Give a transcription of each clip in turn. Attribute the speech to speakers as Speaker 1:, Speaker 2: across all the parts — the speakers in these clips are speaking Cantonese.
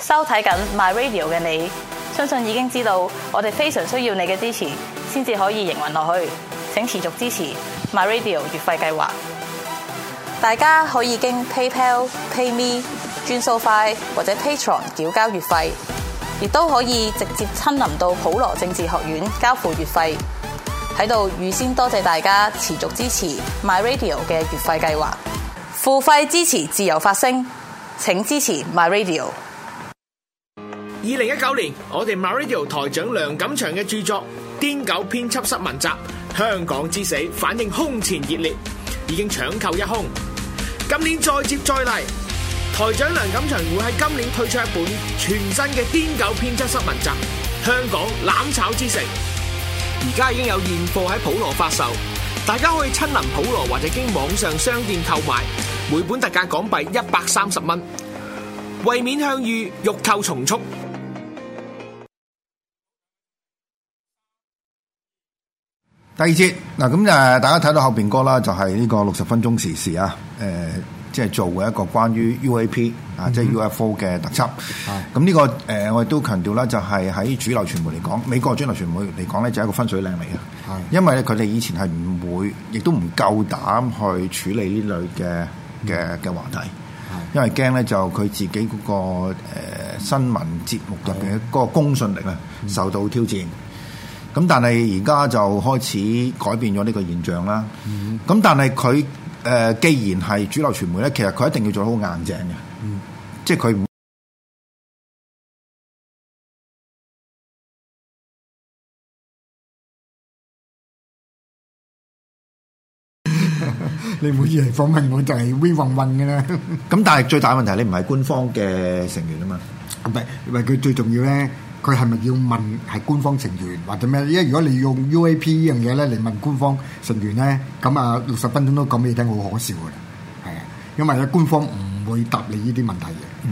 Speaker 1: 收睇緊 My Radio 嘅你，相信已經知道我哋非常需要你嘅支持，先至可以營運落去，請持續支持 My Radio 月費計劃。大家可以經 PayPal、PayMe、轉數快或者 Patreon 繳交月費，亦都可以直接親臨到普羅政治學院交付月費。喺度預先多謝大家持續支持 My Radio 嘅月費計劃，付費支持自由發聲，請支持 My Radio。2019年我哋 MyRadio 台長梁錦祥嘅著作《
Speaker 2: 癲狗編輯室文集——香港之死》反應空前熱烈，已經搶購一空。
Speaker 1: 今年再接再厲，台長梁錦祥會喺今年推出一本全新嘅《癲狗編輯室文集——香港攬炒之城》。而家已經有現貨喺普羅發售，大家可以親臨普羅或者經網上
Speaker 2: 商店購買，每本特價港幣一百三十蚊。為免向隅，欲購從速。
Speaker 1: 第二節嗱，咁誒，大家睇到後邊歌啦，就係、是、呢個六十分鐘時事啊，誒、呃，即係做嘅一個關於 UAP 啊、嗯哼，即係 UFO 嘅特輯。咁呢、嗯這個誒、呃，我亦都強調啦，就係、是、喺主流傳媒嚟講，美國主流傳媒嚟講咧，就係、是、一個分水嶺嚟嘅。嗯、因為咧，佢哋以前係唔會，亦都唔夠膽去處理呢類嘅嘅嘅話題，嗯、因為驚咧就佢自己嗰、那個、呃、新聞節目入邊嗰個公信力啊，受到挑戰。嗯咁但係而家就開始改變咗呢個現象啦。咁、嗯、但係佢誒，既然係主流傳媒咧，其實佢一定要做得好硬淨嘅，嗯、即係佢唔。
Speaker 2: 你唔好以為訪問我就係 v e r 混嘅啦。
Speaker 1: 咁但係最大問題，你唔係官方嘅成員啊
Speaker 2: 嘛。唔係，唔係佢最重要咧。佢係咪要問係官方成員或者咩？因為如果你用 UAP 呢樣嘢咧嚟問官方成員咧，咁啊六十分鐘都講俾你聽，好可笑嘅。係啊，因為咧官方唔會答你呢啲問題嘅。嗯，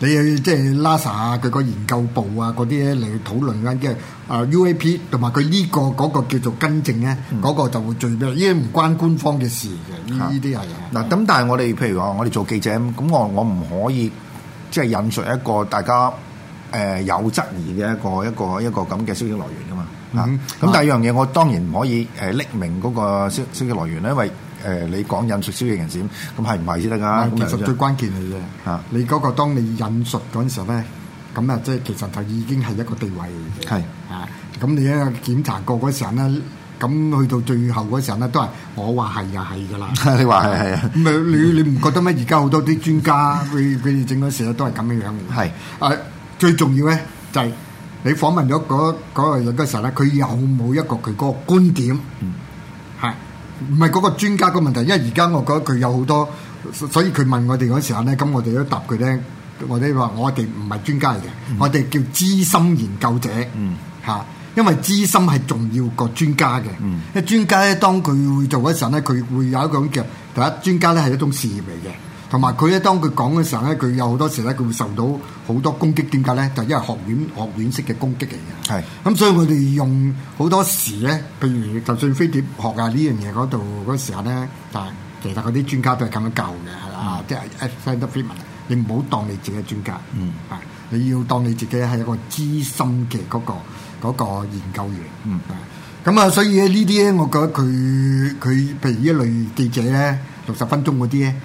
Speaker 2: 你要即係 Lasa 啊，佢個研究部啊嗰啲嚟討論緊即係啊 UAP 同埋佢呢個嗰個叫做更正咧，嗰個就會最咩？依啲唔關官方嘅事嘅，呢
Speaker 1: 啲係啊。嗱咁，但係我哋譬如話，我哋做記者咁，我我唔可以即係引述一個大家。誒有質疑嘅一個一個一個咁嘅消息來源噶嘛？啊，咁第二樣嘢，我當然唔可以誒匿名嗰個消消息來源咧，因為誒你講引述消息人士，咁係唔係先得㗎？其實最關鍵嘅嘢嚇，
Speaker 2: 你嗰個當你引述嗰陣時候咧，咁啊即係其實就已經係一個地位係啊！咁你一檢查過嗰陣咧，咁去到最後嗰陣咧，都係我話係呀係㗎啦。你話係係啊？唔係你你唔覺得咩？而家好多啲專家佢佢哋整嗰時咧都係咁嘅樣，係啊。最重要咧就係你訪問咗嗰嗰人嘅時候咧，佢有冇一個佢嗰個觀點？嚇、嗯，唔係嗰個專家嘅問題，因為而家我覺得佢有好多，所以佢問我哋嗰時候咧，咁我哋都答佢咧。我哋話我哋唔係專家嚟嘅，嗯、我哋叫資深研究者嚇。嗯、因為資深係重要過專家嘅，嗯、因為專家咧當佢會做嘅時候咧，佢會有一種叫第一，專家咧係一種事業嚟嘅。同埋佢咧，他當佢講嘅時候咧，佢有好多時咧，佢會受到好多攻擊。點解咧？就是、因為學院學院式嘅攻擊嚟嘅。係是。咁、嗯、所以佢哋用好多時咧，譬如就算飛碟學啊呢樣嘢嗰度嗰時候咧，但係其實嗰啲專家都係咁樣教嘅，係啦、嗯啊，即係一飛得飛埋嚟。你唔好當你自己專家。嗯。啊，你要當你自己係一個資深嘅嗰、嗰個嗰個研究員。嗯。咁啊，所以呢啲咧，我覺得佢佢譬如呢一類記者咧，六十分鐘嗰啲咧。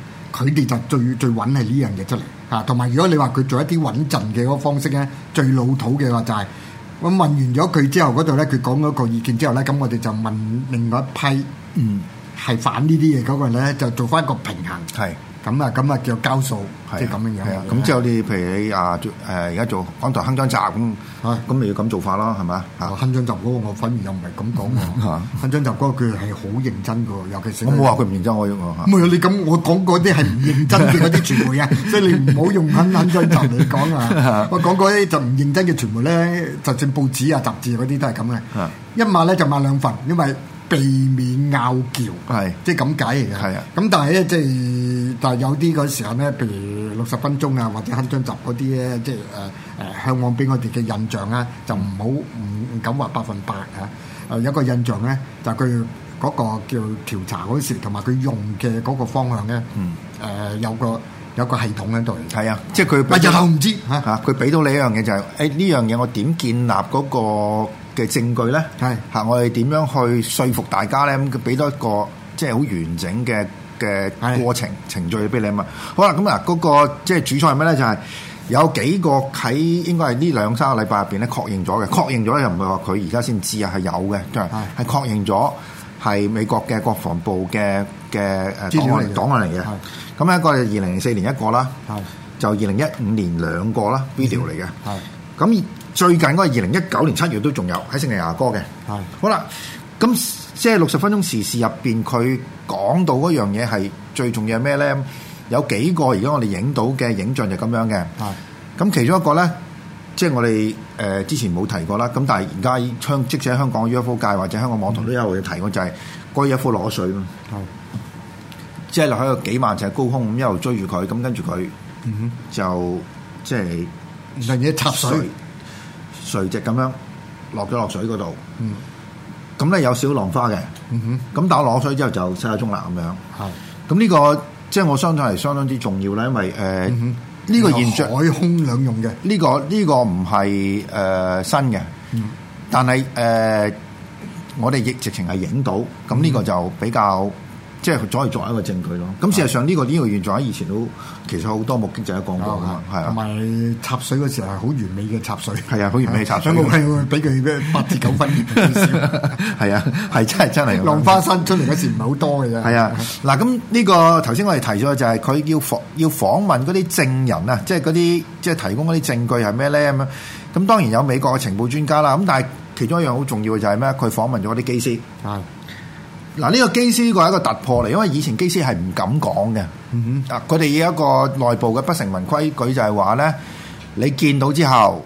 Speaker 2: 佢哋就最最穩係呢樣嘢出嚟嚇，同埋如果你話佢做一啲穩陣嘅嗰個方式咧，最老土嘅話就係、是、我問完咗佢之後嗰度咧，佢講咗個意見之後咧，咁我哋就問另外一批嗯係反呢啲嘢嗰個人咧，就做翻一個平衡係。咁啊，咁啊叫交數，即係咁樣樣。咁之後
Speaker 1: 你譬如你啊，誒而家做港台《鏗鏘集，咁，啊咁咪要咁做法咯，係咪？啊，《鏗鏘集》嗰個我反
Speaker 2: 而又唔係咁講
Speaker 1: 喎，
Speaker 2: 《鏗鏘集》嗰句係好認真嘅，尤其是我冇話佢唔認
Speaker 1: 真，我我嚇。唔
Speaker 2: 係你咁，我講嗰啲係唔認真嘅嗰啲傳媒啊，所以你唔好用《鏗鏗鏘集》嚟講啊！我講嗰啲就唔認真嘅傳媒咧，就算報紙啊、雜誌嗰啲都係咁嘅。一買咧就買兩份，因為避免拗撬，係即係咁解嚟嘅。係啊，咁但係咧即係。但係有啲嗰時候咧，譬如六十分鐘啊，或者黑章集嗰啲咧，即係誒誒，向往俾我哋嘅印象啊，就唔好唔唔敢話百分百啊。誒，有一個印象咧，就係佢嗰個叫調查嗰時，同埋佢用嘅嗰個方向咧，誒有個有個系統喺度。係啊，即係佢又唔知嚇嚇，
Speaker 1: 佢俾到你一樣嘢就係，誒呢樣嘢我點建立嗰個嘅證據咧？係嚇，我哋點樣去說服大家咧？咁佢俾到一個即係好完整嘅。嘅過程程序俾你啊嘛，好啦，咁啊嗰個即係主菜係咩咧？就係有幾個喺應該係呢兩三個禮拜入邊咧，確認咗嘅，確認咗咧又唔係話佢而家先知啊，係有嘅，係係確認咗係美國嘅國防部嘅嘅誒檔案嚟嘅，咁一個係二零零四年一個啦，就二零一五年兩個啦，video 嚟嘅，咁最近嗰個二零一九年七月都仲有喺聖地牙哥嘅，好啦，咁。即係六十分鐘時事入邊，佢講到嗰樣嘢係最重要咩咧？有幾個而家我哋影到嘅影像就咁樣嘅。咁是的 其中一個咧，即係我哋誒、呃、之前冇提過啦。咁但係而家香即使喺香港 UFO 界或者香港網台、嗯嗯、都有要提嘅就係、是、個 UFO 落水、嗯、即係落喺個幾萬尺高空，一路追住佢，咁跟住佢就、嗯嗯、就即係嗰樣嘢插水垂直咁樣落咗落水嗰度。嗯咁咧有小浪花嘅，咁、嗯、哼打落水之後就四廿鐘啦咁樣。係是，咁呢、這個即係、就是、我相信係相當之重要啦，因為誒呢、呃嗯、哼個現象海空兩用嘅，呢、這個呢、這個唔係誒新嘅，嗯、但係誒、呃、我哋亦直情係影到，咁呢個就比較。嗯即係佢再去作一個證據咯。咁事實上呢個呢個現狀喺以前都其實好多目擊者講過噶嘛，係啊。同埋插
Speaker 2: 水嗰時係好完美嘅插水，係啊，好完美嘅插水。冇氣喎，畀佢八至九分熱。
Speaker 1: 係啊，係真係真係。浪花
Speaker 2: 生出嚟嗰時唔係好多嘅。係啊，嗱咁呢個
Speaker 1: 頭先我哋提咗就係佢要訪要訪問嗰啲證人啊，即係嗰啲即係提供嗰啲證據係咩咧咁啊？咁當然有美國嘅情報專家啦。咁但係其中一樣好重要嘅就係咩？佢訪問咗啲機師。嗱，呢個機師呢個係一個突破嚟，因為以前機師係唔敢講嘅，嗯哼，啊，佢哋有一個內部嘅不成文規矩就係話咧，你見到之後，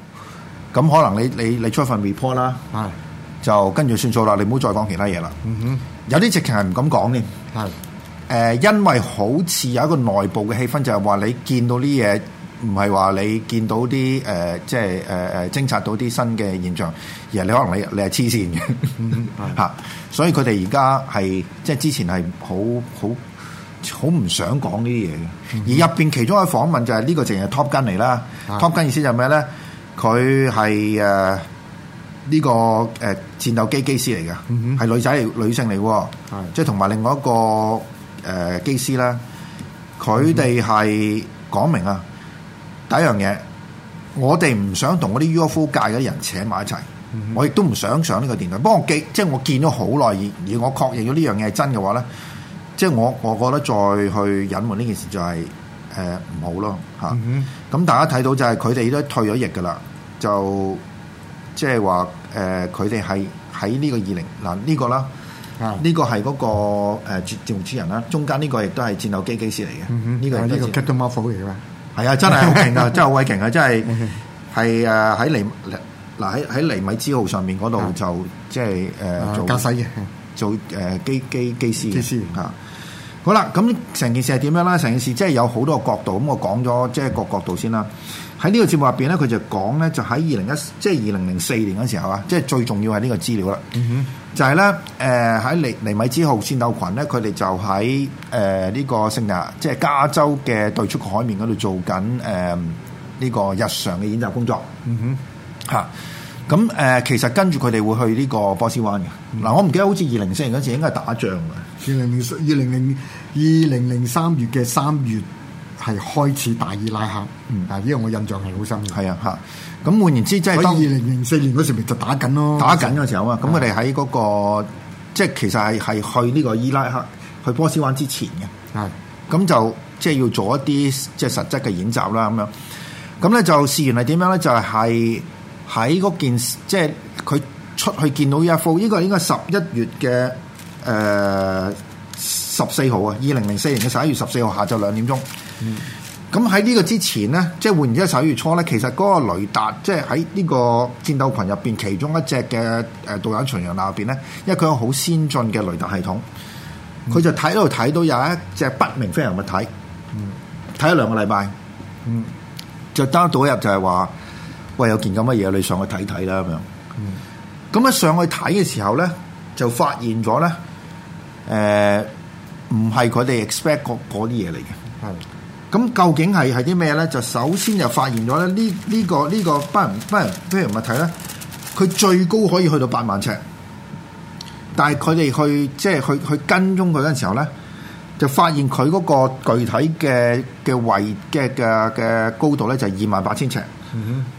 Speaker 1: 咁可能你你你出一份 report 啦，係，就跟住算數啦，你唔好再講其他嘢啦，嗯哼，有啲直情係唔敢講咧，
Speaker 3: 係，
Speaker 1: 誒，因為好似有一個內部嘅氣氛就係話你見到啲嘢。唔係話你見到啲誒、呃，即係誒誒偵察到啲新嘅現象，而係你可能你你係黐線嘅嚇， 所以佢哋而家係即係之前係好好好唔想講呢啲嘢嘅。嗯、哼而入邊其中一個訪問就係、是這個嗯、哼呢、呃這個，淨係 Top Gun 嚟啦。Top Gun 意思就係咩咧？佢係誒呢個誒戰鬥機機師嚟嘅，係女仔，嚟，女性嚟喎，即係同埋另外一個誒、呃、機師啦，佢哋係講明啊。第一樣嘢，我哋唔想同嗰啲 UFO 界嗰啲人扯埋一齊，我亦都唔想上呢個電台。不過我見，即係我見咗好耐已，而我確認咗呢樣嘢係真嘅話咧，即係我，我覺得再去隱瞞呢件事就係誒唔好咯嚇。咁、嗯哼嗯、大家睇到就係佢哋都退咗役噶啦，就即係話誒，佢哋係喺呢個二零嗱呢個啦，呢、嗯、個係嗰、那個誒節目主人啦，中間呢個亦都係戰鬥機機師嚟嘅，呢、嗯、哼個係一、嗯
Speaker 2: 這個嚟嘅。係啊，真係好勁啊！真係
Speaker 1: 好鬼勁啊！真係係誒，喺尼米喺喺尼米茲號上面嗰度就即係誒做駕駛嘅，做誒機機機師機師啊，好啦，咁成件事係點樣啦？成件事即係有好多個角度，咁我講咗即係各個角度先啦。喺呢個節目入邊咧，佢就講咧，就喺二零一即係二零零四年嗰時候啊，即係最重要係呢個資料啦。 就係咧，誒喺尼尼米茲號戰鬥群咧，佢哋就喺誒呢個聖牙，即係加州嘅對出海面嗰度做緊誒呢個日常嘅演習工作。嗯
Speaker 3: 哼，
Speaker 1: 嚇、啊，咁、呃、誒其實跟住佢哋會去呢個波斯
Speaker 2: 灣嘅。嗱、啊，我唔記得好似二零零四年嗰時應該係打仗㗎。二零零二零零二零零三月嘅三月係開始打伊拉克。嗯，因為啊，啊，呢個我印象係好深嘅。啊，嚇。咁換言之，即係當二零零四年嗰時，咪就打緊咯。打緊嘅時候啊，咁我哋喺
Speaker 1: 嗰個即係其實係係去呢個伊拉克去波斯灣之前嘅。係的。咁就即係要做一啲即係實質嘅演習啦，咁樣。咁咧就試完係點樣咧？就係喺嗰件，即係佢出去見到 UFO，呢個應該十一月嘅誒十四號啊，二零零四年嘅十一月十四號下晝兩點鐘。嗯咁喺呢個之前咧，即係換言之，十一月初咧，其實嗰個雷達，即係喺呢個戰鬥群入邊，其中一隻嘅誒導彈巡洋艦入邊咧，因為佢有好先進嘅雷達系統，佢、嗯、就睇到睇到有一隻不明飛行物體，嗯，睇咗兩個禮拜，嗯，就得到入就係話，喂，有件咁嘅嘢，你上去睇睇啦咁樣，咁啊、嗯、上去睇嘅時候咧，就發現咗咧，誒、呃，唔係佢哋 expect 嗰啲嘢嚟嘅，係。咁究竟係係啲咩咧？就首先就發現咗咧，呢呢、這個呢、這個、這個、不人不人不人，飛行物體咧，佢最高可以去到八萬尺，但係佢哋去即係去去，去跟蹤佢嗰陣時候咧，就發現佢嗰個具體嘅嘅圍嘅嘅嘅高度咧就係二萬八千尺，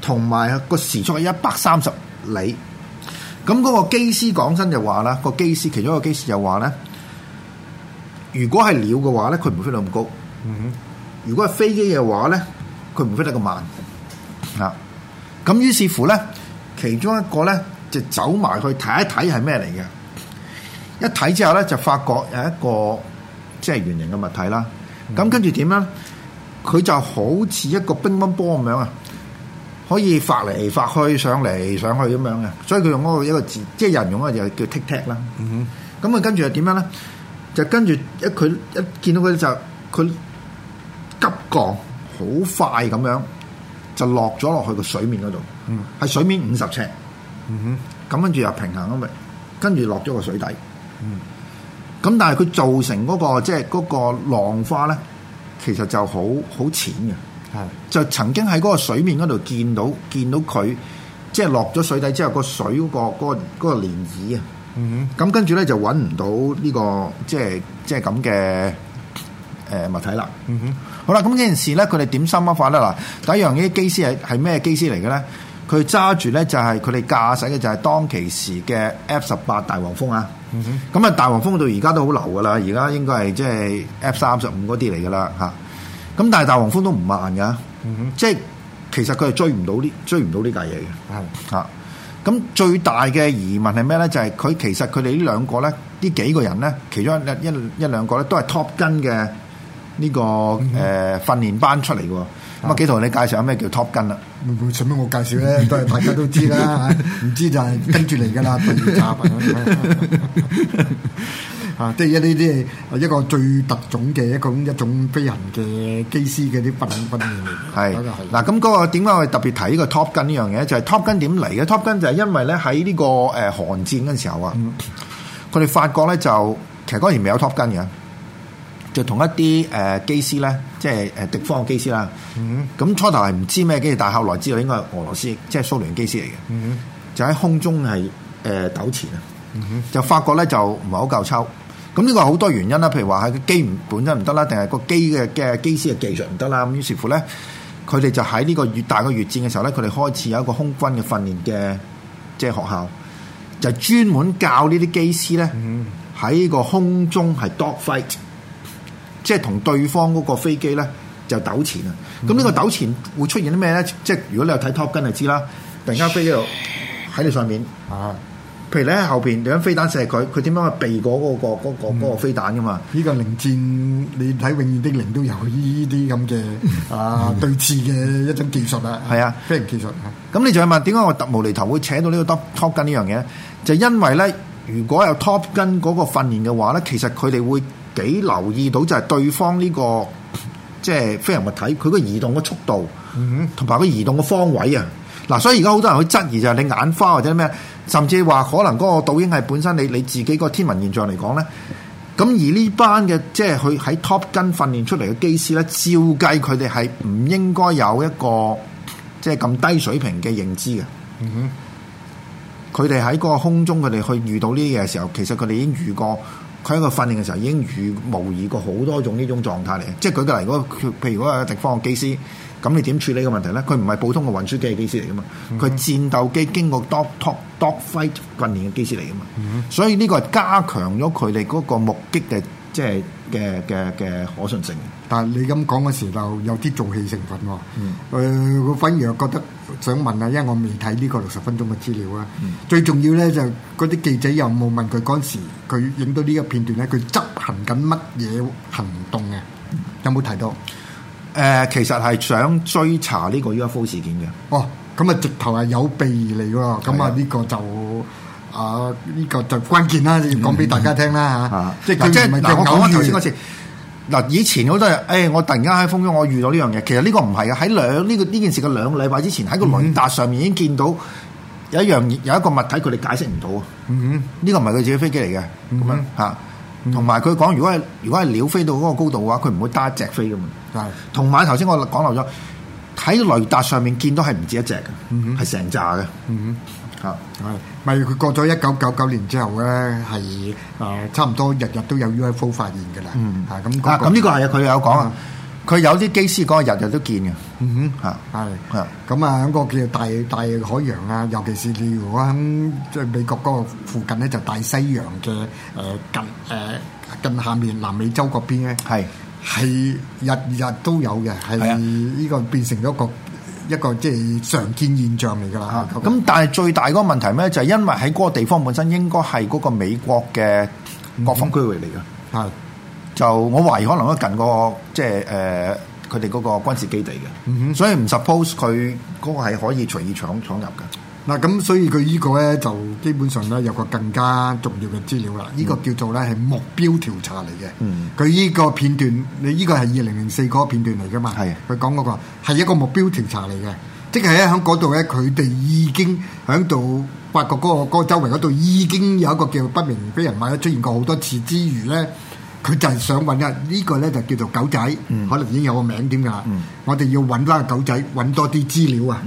Speaker 1: 同埋個時速係一百三十里。咁嗰個機師講真就話啦，個機師其中一個機師就話咧，如果係鳥嘅話咧，佢唔會飛到咁高。如果係飛機嘅話咧，佢唔飛得咁慢啊！咁於是乎咧，其中一個咧就走埋去睇一睇係咩嚟嘅。一睇之後咧，就發覺有一個即係圓形嘅物體啦。咁、啊、跟住點樣咧？佢就好似一個乒乓波咁樣啊，可以發嚟發去上嚟上去咁樣嘅。所以佢用嗰一個字，即係人用嘅就叫 Tic Tac 啦。哼、啊。咁啊，跟住又點樣咧？就跟住一佢一,一見到佢就佢。急降好快咁樣，就落咗落去個水面嗰度，喺水面五十尺，咁跟住又平衡吖嘛，跟住落咗個水底，咁但係佢造成嗰個即係嗰個浪花咧，其實就好好淺嘅，就曾經喺嗰個水面嗰度見到見到佢，即係落咗水底之後個水嗰個嗰個嗰個漣漪啊，咁跟住咧就揾唔到呢個即係即係咁嘅誒物體啦，嗯哼。好啦，咁呢件事咧，佢哋點心乜化咧？嗱，第一樣啲機師係係咩機師嚟嘅咧？佢揸住咧就係佢哋駕駛嘅就係當其時嘅 F 十八大黃蜂啊！咁啊，大黃蜂到而家都好流噶啦，而家應該係即係 F 三十五嗰啲嚟噶啦嚇。咁但係大黃蜂都唔慢噶，即係其實佢係追唔到呢追唔到呢架嘢嘅。係嚇，咁最大嘅疑問係咩咧？就係佢其實佢哋呢兩個咧，呢幾個人咧，其中一一一一兩個咧都係 Top Gun 嘅。呢、這個誒訓練班出嚟嘅，咁啊幾同你介紹下咩叫 Top 筋啦、啊？
Speaker 2: 唔唔，除非我介紹咧，都係大家都知啦。唔 知就係跟住嚟噶啦，第二集啊， 啊，即係一啲啲一個最特種嘅一個一種飛行嘅機師嘅啲訓訓練嚟。
Speaker 1: 係嗱
Speaker 2: 是，咁嗰、啊、個點解我哋特
Speaker 1: 別提呢個 Top 筋呢樣嘢？就係、是、Top 筋點嚟嘅？Top 筋就係因為咧喺呢個誒寒、呃、戰嗰陣時候啊，佢哋法國咧就其實嗰時未有 Top 筋嘅。就同一啲誒機師咧，即係誒敵方嘅機師啦。
Speaker 3: 咁、
Speaker 1: mm hmm. 初頭係唔知咩機，但係後來知道應該係俄羅斯，即係蘇聯機師嚟嘅。
Speaker 3: Mm hmm.
Speaker 1: 就喺空中係誒、呃、糾纏啊！Mm hmm. 就發覺咧就唔係好夠抽。咁呢個好多原因啦，譬如話係個機唔本身唔得啦，定係個機嘅嘅機師嘅技術唔得啦。咁於是乎咧，佢哋就喺呢個越大個越戰嘅時候咧，佢哋開始有一個空軍嘅訓練嘅即係學校，就專門教呢啲機師咧喺個空中係 dog fight。即係同對方嗰個飛機咧就糾纏啊！咁呢、嗯、個糾纏會出現啲咩咧？即係如果你有睇 Top Gun 就知啦，突然間飛機喺你上面啊！噓譬如你喺後邊你揾飛彈射佢，佢點樣避過嗰、那個嗰、那個那個飛彈噶嘛？
Speaker 2: 呢、嗯這個零戰你睇《永遠的零》都有呢啲咁嘅啊、嗯、對峙嘅一種技術啊！
Speaker 1: 係啊，飛行技術啊！咁你仲係問點解我突無厘頭會扯到呢個 Top Gun 個呢樣嘢？就是、因為咧，如果有 Top Gun 嗰個訓練嘅話咧，其實佢哋會。幾留意到就係對方呢、這個即係、就是、飛行物體，佢個移動嘅速度，同埋佢移動嘅方位啊！嗱，所以而家好多人去質疑就係你眼花或者咩，甚至話可能嗰個倒影係本身你你自己個天文現象嚟講咧。咁而班、就是、呢班嘅即係佢喺 Top Gun 訓練出嚟嘅機師咧，照計佢哋係唔應該有一個即係咁低水平嘅認知嘅。嗯哼，佢哋喺嗰個空中，佢哋去遇到呢嘢嘅時候，其實佢哋已經遇過。佢喺個訓練嘅時候已經預模擬過好多種呢種狀態嚟嘅，即係舉個例子，如果譬如譬如果係敵方嘅機師，咁你點處理個問題咧？佢唔係普通嘅運輸機機師嚟噶嘛，佢戰鬥機經過 dog talk dog, dog fight 訓練嘅機師嚟噶嘛，所以呢個係加強咗佢哋嗰個目擊嘅。即係嘅嘅嘅可
Speaker 2: 信性，但係你咁講嗰時就有啲做戲成分喎。我、嗯呃、反而又覺得想問啊，因為我未睇呢個六十分鐘嘅資料啦。嗯、最重要咧就嗰啲記者有冇問佢嗰時佢影到呢個片段咧？佢執行緊乜嘢行動嘅？嗯、有冇提到？誒、呃，其實係想追查呢個 UFO 事件嘅。哦。咁啊，直頭係有備而嚟喎。係。咁啊，呢個就～啊！呢、這個就關鍵啦，要講俾大家聽啦嚇、嗯嗯。即係即係，我講翻頭先嗰次。嗱，以
Speaker 1: 前好多人誒，我突然間喺風中我遇到呢樣嘢，其實呢個唔係嘅。喺兩呢個呢件事嘅兩個禮拜之前，喺個雷達上面已經見到有一樣有一個物體，佢哋解釋唔到啊。呢、嗯嗯、個唔係佢自己飛機嚟嘅。嗯哼嚇，同埋佢講，如果係如果係鳥飛到嗰個高度嘅話，佢唔會單一隻飛嘅嘛。係、嗯。同埋頭先我講漏咗，喺雷達上面見到係唔止一隻嘅、嗯，嗯係成炸嘅，嗯嗯嗯嗯嗯嗯啊，係
Speaker 2: 咪佢過咗一九九九年之後咧，係誒、呃、差唔多日日都有 UFO 發現嘅啦、嗯嗯？嗯，嚇咁咁呢個係啊，佢、這個、有講啊，佢是的 有啲機師講日日都見嘅，嗯哼，嚇係啊，咁啊喺個叫做大大海洋啊，尤其是你如果喺即係美國嗰個附近咧，就大西洋嘅誒、呃、近誒、呃、近下面南美洲嗰邊咧，係係日，日日都有嘅，係呢個變成咗個。一個即係
Speaker 1: 常見現象嚟㗎啦，咁、啊、但係最大嗰個問題咧，就係、是、因為喺嗰個地方本身應該係嗰個美國嘅國防區域嚟㗎，啊、嗯，就我懷疑可能都近、嗰個即係誒佢哋嗰個軍事基地嘅，嗯、哼所以唔 suppose 佢嗰個係
Speaker 2: 可以隨意搶闖入㗎。嗱咁，所以佢呢個咧就基本上咧有個更加重要嘅資料啦。呢、嗯、個叫做咧係目標調查嚟嘅。佢呢、嗯、個片段，你、這、呢個係二零零四嗰個片段嚟噶嘛？係是。佢講嗰個係一個目標調查嚟嘅，即係喺喺嗰度咧，佢哋已經喺度發覺嗰個周圍嗰度已經有一個叫不明飛人馬出現過好多次之餘咧，佢就係想揾下呢個咧就叫做狗仔，嗯、可能已經有個名添㗎。嗯、我哋要揾翻個狗仔，揾多啲資料啊！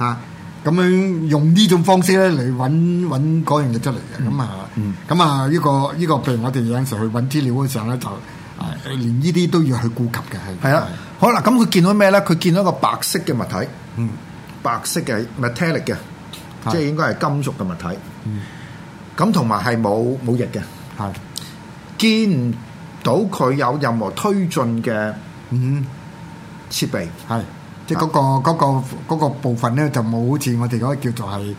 Speaker 2: 嚇、嗯、～咁樣用呢種方式咧嚟揾揾嗰樣嘢出嚟嘅。咁啊，咁、嗯、啊，呢、呢個呢個譬如我哋有陣時候去揾資料嗰時候咧，就連呢啲都要去顧及嘅，係的。係啊的，好啦，咁佢見到咩咧？佢見到一個白色嘅物體，嗯、
Speaker 1: 白色嘅 metallic 嘅，Metall 嗯、即係應該係金屬嘅物體。咁同埋係冇冇翼嘅，係、嗯、見唔到佢有任何推進
Speaker 2: 嘅嗯設備係。嗯即係嗰個嗰個嗰個部分咧，就冇好似我哋嗰個叫做係誒，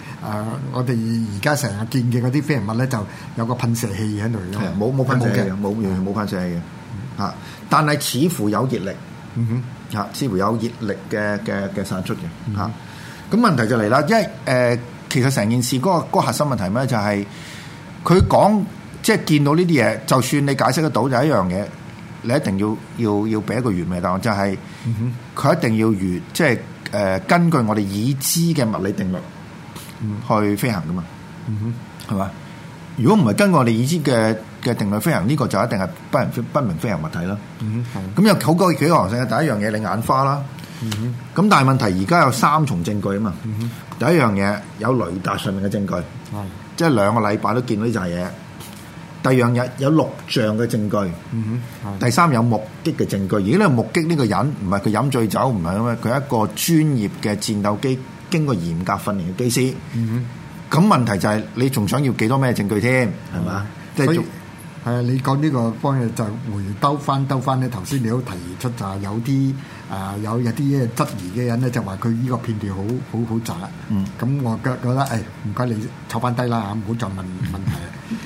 Speaker 2: 我哋而家成日見嘅嗰啲飛行物咧，就有個噴射器喺度嘅，冇冇噴射嘅，
Speaker 1: 冇完全冇噴射器嘅嚇。但係似乎有熱力，嚇，似乎有熱力嘅嘅嘅散出嘅嚇。咁問題就嚟啦，因為誒，其實成件事嗰個嗰個核心問題咩？就係佢講即係見到呢啲嘢，就算你解釋得到，就係一樣嘢。你一定要要要俾一個完美答案，就係、
Speaker 3: 是、
Speaker 1: 佢一定要如，即係誒，根據我哋已知嘅物理定律去飛行㗎嘛，係嘛、嗯哼？如果唔係根據我哋已知嘅嘅定律飛行，呢、這個就一定係不明不明飛行物體啦。咁、嗯、哼有好鬼幾多可能性？第一樣嘢你眼花啦。咁但係問題而家有三重證據啊嘛。嗯、哼第一樣嘢有雷達上面嘅證據，即係、嗯、哼兩個禮拜都見到呢隻嘢。第二樣嘢有錄像嘅證據，第三有目擊嘅證據。而呢個目擊呢個人唔係佢飲醉酒，唔係因為佢一個專業嘅戰鬥機，經過嚴格訓練嘅機師。咁、嗯、問題就係你仲想要幾多咩證據添？係嘛、嗯？
Speaker 2: 即係仲啊！你講呢個方向就回兜翻兜翻咧。頭先你都提出就係有啲啊、呃、有有啲嘢質疑嘅人咧，就話佢呢個片段好好好雜。咁、嗯、我覺得誒，唔、哎、該你坐翻低啦唔好再問問題。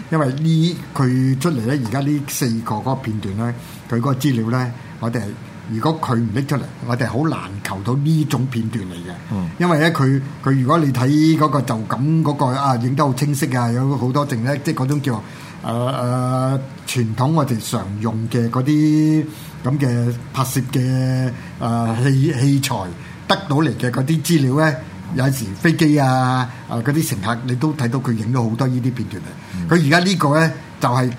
Speaker 2: 因為呢，佢出嚟咧，而家呢四個嗰片段咧，佢嗰資料咧，我哋係如果佢唔拎出嚟，我哋係好難求到呢種片段嚟嘅。嗯，因為咧，佢佢如果你睇嗰個就咁嗰、那個啊，影得好清晰、呃、啊，有好多證咧，即係嗰種叫誒誒傳統我哋常用嘅嗰啲咁嘅拍攝嘅誒、呃、器器材得到嚟嘅嗰啲資料咧。有時飛機啊，啊嗰啲乘客，你都睇到佢影咗好多呢啲片段啊！佢而家呢個咧就係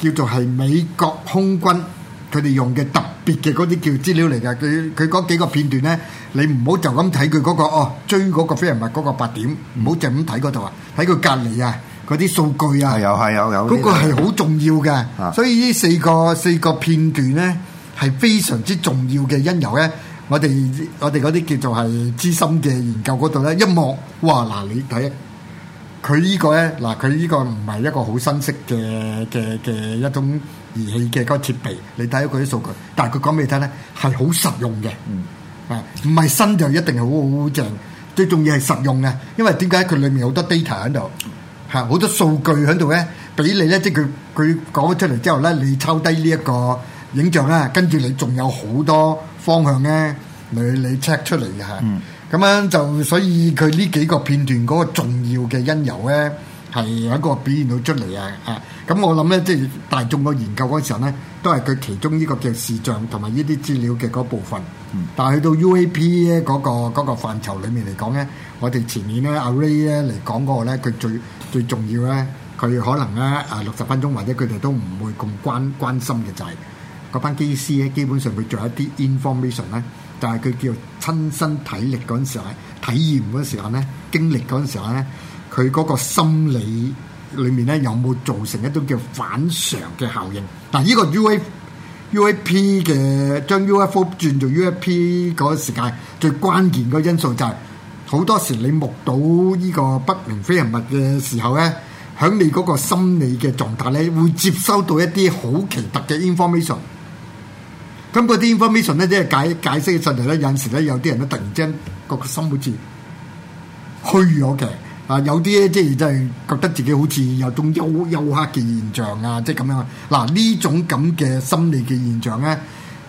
Speaker 2: 叫做係美國空軍佢哋用嘅特別嘅嗰啲叫資料嚟㗎。佢佢嗰幾個片段咧，你唔好就咁睇佢嗰個哦追嗰個飛行物嗰個白點，唔好就咁睇嗰度啊！睇佢隔籬啊，嗰啲數據啊，又係有有嗰個係好重要嘅，所以呢四個四個片段咧係非常之重要嘅因由咧。我哋我哋嗰啲叫做係資深嘅研究嗰度咧，一望哇嗱，你睇佢呢個咧嗱，佢呢個唔係一個好新式嘅嘅嘅一種儀器嘅嗰個設備，你睇佢啲數據。但係佢講俾你聽咧，係好實用嘅。啊、嗯，唔係新就一定係好好正，最重要係實用嘅。因為點解佢裡面好多 data 喺度，嚇好多數據喺度咧，俾你咧即係佢佢講咗出嚟之後咧，你抽低呢一個影像啦，跟住你仲有好多。方向咧，你你 check 出嚟嘅吓，咁、嗯、樣就所以佢呢幾個片段嗰個重要嘅因由咧，係有一個表現到出嚟啊！咁我諗咧，即、就、係、是、大眾嗰研究嗰時候咧，都係佢其中呢個嘅視像同埋呢啲資料嘅嗰部分。嗯、但係去到 UAP 咧、那、嗰個嗰、那個範疇裡面嚟講咧，我哋前面咧 Array 咧嚟講嗰個咧，佢最最重要咧，佢可能咧啊六十分鐘或者佢哋都唔會咁關關心嘅就係。嗰班機師咧，基本上會做一啲 information 咧，但係佢叫親身體力嗰陣時候咧，體驗嗰陣時候咧，經歷嗰陣時候咧，佢嗰個心理裏面咧，有冇造成一種叫反常嘅效應？嗱，呢個 U UAP 嘅將 UFO 轉做 UAP 嗰個時間，最關鍵個因素就係、是、好多時你目睹呢個不明飛行物嘅時候咧，喺你嗰個心理嘅狀態咧，會接收到一啲好奇特嘅 information。咁嗰啲 information 咧，即係解解釋嘅時候咧，有時咧，有啲人咧，突然間個個心好似虛咗嘅，啊有啲咧，即係真係覺得自己好似有種幽幽黑嘅現象啊，即係咁樣。嗱、啊、呢種咁嘅心理嘅現象咧，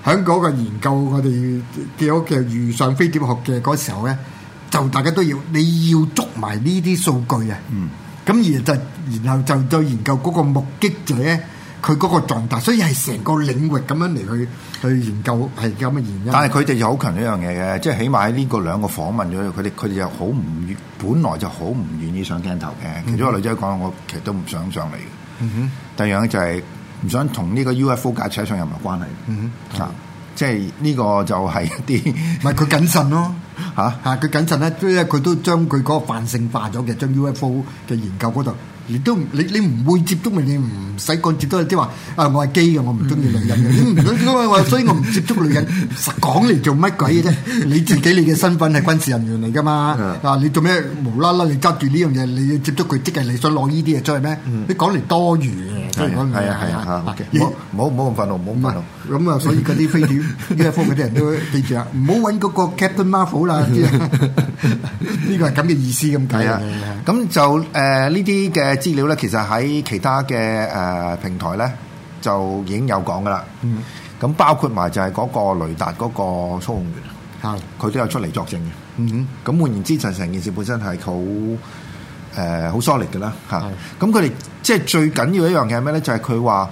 Speaker 2: 喺嗰個研究我哋嘅屋企遇上飛碟學嘅嗰時候咧，就大家都要你要捉埋呢啲數據啊。嗯。咁而就然後就再研究嗰個目擊者。佢嗰個狀態，所以係成個領域咁樣嚟去去研究係咁嘅原因。但係佢哋
Speaker 1: 又好勤呢樣嘢嘅，即係起碼喺呢個兩個訪問咗佢哋，佢哋又好唔，本來就好唔願意上鏡頭嘅。其中一個女仔講：我其實都唔想上嚟嘅。嗯、哼第二樣就係、是、唔想同呢個 UFO 架扯上任何關係。嗯哼，
Speaker 2: 啊、即係呢個就係一啲唔係佢謹慎咯嚇嚇，佢、啊啊、謹慎咧，即佢都將佢嗰個泛性化咗嘅，將 UFO 嘅研究嗰度。你都你你唔會接觸咪？你唔使講接都係啲話。啊，我係基嘅，我唔中意女人嘅。你唔咁點解？我所以我唔接觸女人。實講嚟做乜鬼嘅啫？你自己你嘅身份係軍事人員嚟噶嘛？啊，你做咩無啦啦？你揸住呢樣嘢，你要接觸佢，即係你想攞呢啲嘢出去咩？你講嚟多餘嘅。係啊係啊嚇！唔好唔好咁憤怒，唔好咁憤怒。咁啊，所以嗰啲飛碟呢一方嗰啲人都記住啊，唔好揾嗰個 Captain Marvel 啦。呢個
Speaker 1: 係咁嘅意思咁計啊。咁就誒呢啲嘅。資料咧，其實喺其他嘅誒、呃、平台咧，就已經有講噶啦。嗯、mm，咁、hmm. 包括埋就係嗰個雷達嗰個操控員，係佢 都有出嚟作證嘅。嗯哼、mm，咁、hmm. 換言之，就成件事本身係好誒好 solid 噶啦吓。咁佢哋即係最緊要一樣嘢係咩咧？就係佢話誒呢、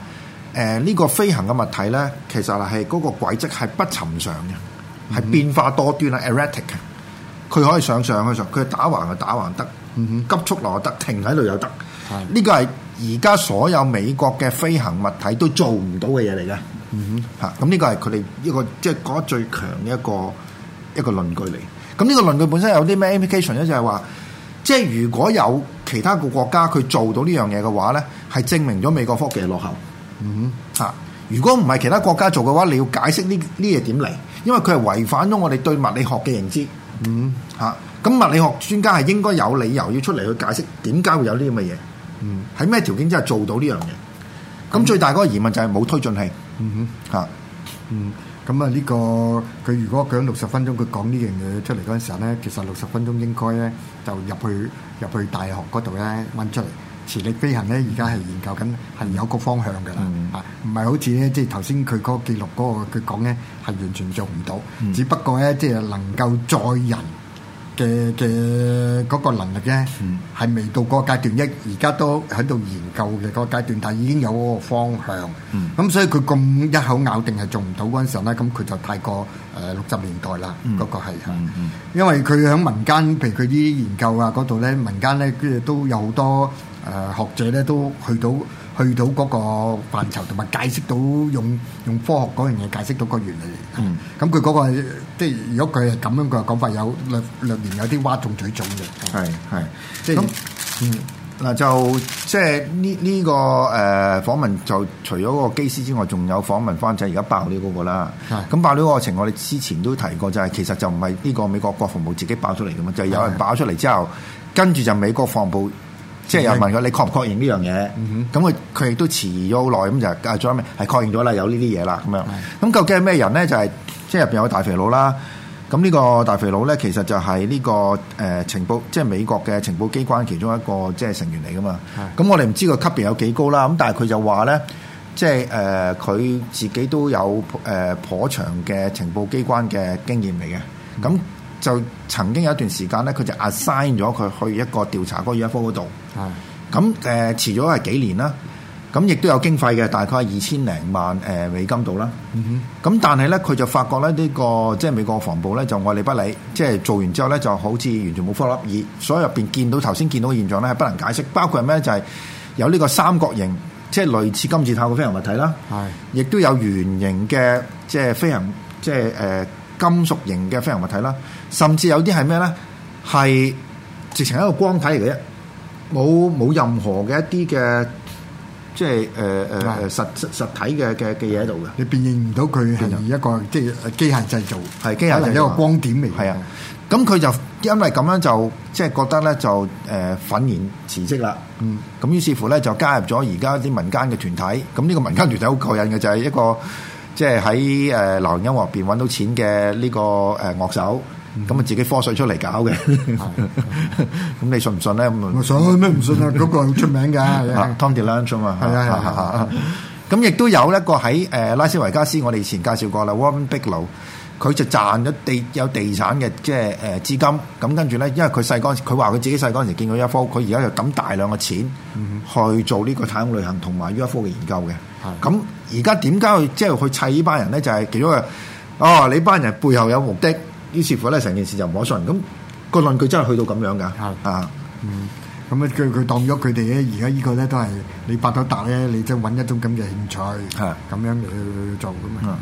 Speaker 1: 就是呃這個飛行嘅物體咧，其實係嗰個軌跡係不尋常嘅，係、mm hmm. 變化多端啊，erratic 嘅。佢、er、可以上上去，上，佢打橫又打橫得，mm hmm. 急速落又得，停喺度又得。呢個係而家所有美國嘅飛行物體都做唔到嘅嘢嚟嘅，嗯
Speaker 3: 哼，
Speaker 1: 嚇咁呢個係佢哋一個即係、就是、覺得最強嘅一個一個論據嚟。咁、嗯、呢個論據本身有啲咩 implication 咧？就係話，即係如果有其他個國家佢做到呢樣嘢嘅話咧，係證明咗美國科技係落後。
Speaker 3: 嗯
Speaker 1: 哼，嚇如果唔係其他國家做嘅話，你要解釋呢呢嘢點嚟？因為佢係違反咗我哋對物理學嘅認知。嗯，嚇咁物理學專家係應該有理由要出嚟去解釋點解會有呢咁嘅嘢。嗯，喺咩 條件之下
Speaker 2: 做到呢樣嘢？咁、嗯、最大嗰個疑問就係冇推進器。嗯哼，嚇，嗯，咁啊呢個佢如果講六十分鐘，佢講呢樣嘢出嚟嗰陣時候咧，其實六十分鐘應該咧就入去入去大學嗰度咧揾出嚟，磁力飛行咧而家係研究緊，係有個方向㗎喇，嚇、嗯，唔係好似咧即係頭先佢嗰個記錄嗰個佢講咧係完全做唔到、嗯， 只不過咧即係能夠載人，嘅嘅嗰個能力咧，係未到嗰個階段，一而家都喺度研究嘅嗰個階段，但已經有嗰個方向。咁所以佢咁一口咬定係做唔到嗰陣時咧，咁佢就太過誒六十年代啦，嗰個係嚇。因為佢喺民間，譬如佢啲研究啊嗰度咧，民間咧跟住都有好多誒學者咧都去到。去到嗰個範疇，同埋解釋到用用科學嗰樣嘢解釋到個原理。嗯、那個，咁佢嗰個即係如果佢咁樣嘅講法有，有兩兩年有啲挖中嘴中嘅。係係、
Speaker 1: 嗯，
Speaker 2: 即係咁，嗯嗱，就即係呢呢
Speaker 1: 個誒、呃、訪問就除咗個機師之外，仲有訪問翻就係而家爆料嗰個啦。係，咁爆料嗰個情況我哋之前都提過就係、是、其實就唔係呢個美國國防部自己爆出嚟嘅嘛，就是、有人爆出嚟之後，跟住就美國防部。是的 即係有問過你確唔確認呢樣嘢？咁佢佢亦都遲咗好耐，咁就誒最後面係確認咗啦，有呢啲嘢啦咁樣。咁是究竟係咩人咧？就係即係入邊有個大肥佬啦。咁呢個大肥佬咧，其實就係呢、這個誒、呃、情報，即係美國嘅情報機關其中一個即係成員嚟噶嘛。咁是我哋唔知個級別有幾高啦。咁但係佢就話咧，即係誒佢自己都有誒頗長嘅情報機關嘅經驗嚟嘅。咁、嗯就曾經有一段時間咧，佢就 assign 咗佢去一個調查嗰 UFO 一科嗰度。係，咁誒，遲咗係幾年啦。咁亦都有經費嘅，大概二千零萬誒美金度啦。嗯
Speaker 3: 哼。
Speaker 1: 咁但係咧，佢就發覺咧呢個即係美國防部咧就愛理不理，即係做完之後咧就好似完全冇科粒。而所以入邊見到頭先見到嘅現象咧係不能解釋，包括係咩就係有呢個三角形，即係類似金字塔嘅飛行物體啦。係。亦都有圓形嘅即係飛行即係誒。金屬型嘅飛行物體啦，甚至有啲係咩咧？係直情一個光體嚟嘅啫，冇冇任何嘅一啲嘅即係誒誒實實實體嘅嘅嘅嘢喺度嘅。你辨認唔到佢係一個的即係機械製造，係機械就一個光點嚟。係啊，咁佢就因為咁樣就即係覺得咧就誒憤然辭職啦。嗯，咁於是乎咧就加入咗而家啲民間嘅團體。咁呢個民間團體好吸引嘅就係、是、一個。即係喺誒流行音樂入邊揾到錢嘅呢個誒樂手，咁啊自己科水出嚟搞嘅，咁你信唔信咧？我想
Speaker 2: 咩唔信啊？嗰個出名嘅
Speaker 1: Tom DeLonge 嘛，係啊係啊，咁亦都有一個喺誒拉斯維加斯，我哋以前介紹過啦，Bigelow，佢就賺咗地有地產嘅即係誒資金，咁跟住咧，因為佢細嗰陣時，佢話佢自己細嗰陣時見到 UFO，佢而家就抌大量嘅錢去做呢個太空旅行同埋 UFO 嘅研究嘅，咁。而家點解去即係去砌呢班人咧？就係、是就是、其中一個哦，你班人背後有目的，於是乎咧，成件事就唔可信。咁、那個論據真係去到咁樣㗎。係的啊，嗯，
Speaker 2: 咁咧佢佢當咗佢哋咧，而家呢個咧都係你八朵達咧，你即係揾一種咁嘅興趣，係咁的樣去做㗎嘛。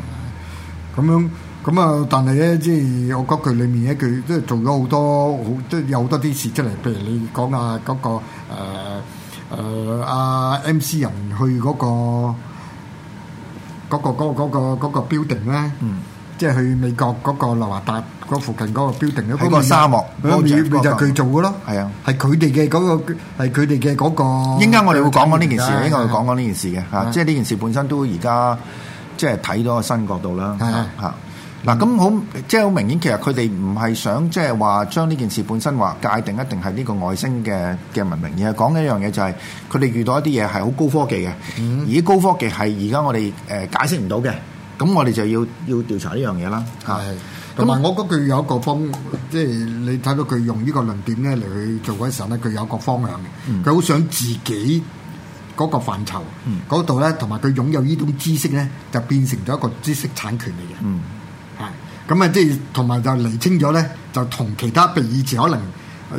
Speaker 2: 咁的樣咁啊，但係咧，即、就、係、是、我覺得佢裡面咧佢即係做咗好多好，即、就、係、是、有好多啲事出嚟。譬如你講下、那個呃呃呃、啊，嗰個誒阿 MC 人去嗰、那個。嗰、那個嗰、那個嗰、那個嗰個 building 咧，嗯、即係去美國嗰個羅華達嗰附近嗰個 building 咧，嗰個沙漠，嗰面面就係佢做嘅咯，係啊，係佢哋嘅嗰個，係佢哋嘅嗰個。應該我哋會講講呢件事，應該、啊、會講
Speaker 1: 講呢件事嘅嚇、啊啊，即係呢件事本身都而家即係睇到新角度啦嚇。嗱，咁好，即係好明顯，其實佢哋唔係想即係話將呢件事本身話界定一定係呢個外星嘅嘅文明，而係講緊一樣嘢，就係佢哋遇到一啲嘢係好高科技嘅，嗯、而高科技係而家我哋誒解釋唔到嘅，咁我哋就要要調
Speaker 2: 查呢樣嘢啦。係，同埋那我覺得佢有一個方，即係你睇到佢用呢個論點咧嚟去做嗰時候咧，佢有一個方向嘅，佢、就、好、是嗯、想自己嗰個範疇嗰度咧，同埋佢擁有呢種知識咧，就變成咗一個知識產權嚟嘅。嗯咁啊，即係同埋就釐清咗咧，就同其他譬如以前可能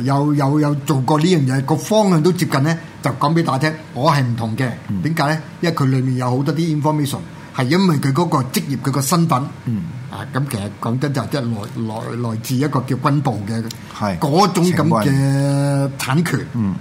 Speaker 2: 有有有做過呢樣嘢，個方向都接近咧，就講俾大家聽，我係唔同嘅。點解咧？因為佢裏面有好多啲 information，係因為佢嗰個職業佢個身份。嗯。啊，咁其實講真就即係來來來,來自一個叫軍部嘅。
Speaker 1: 係是。嗰種咁嘅
Speaker 2: 產權。嗯。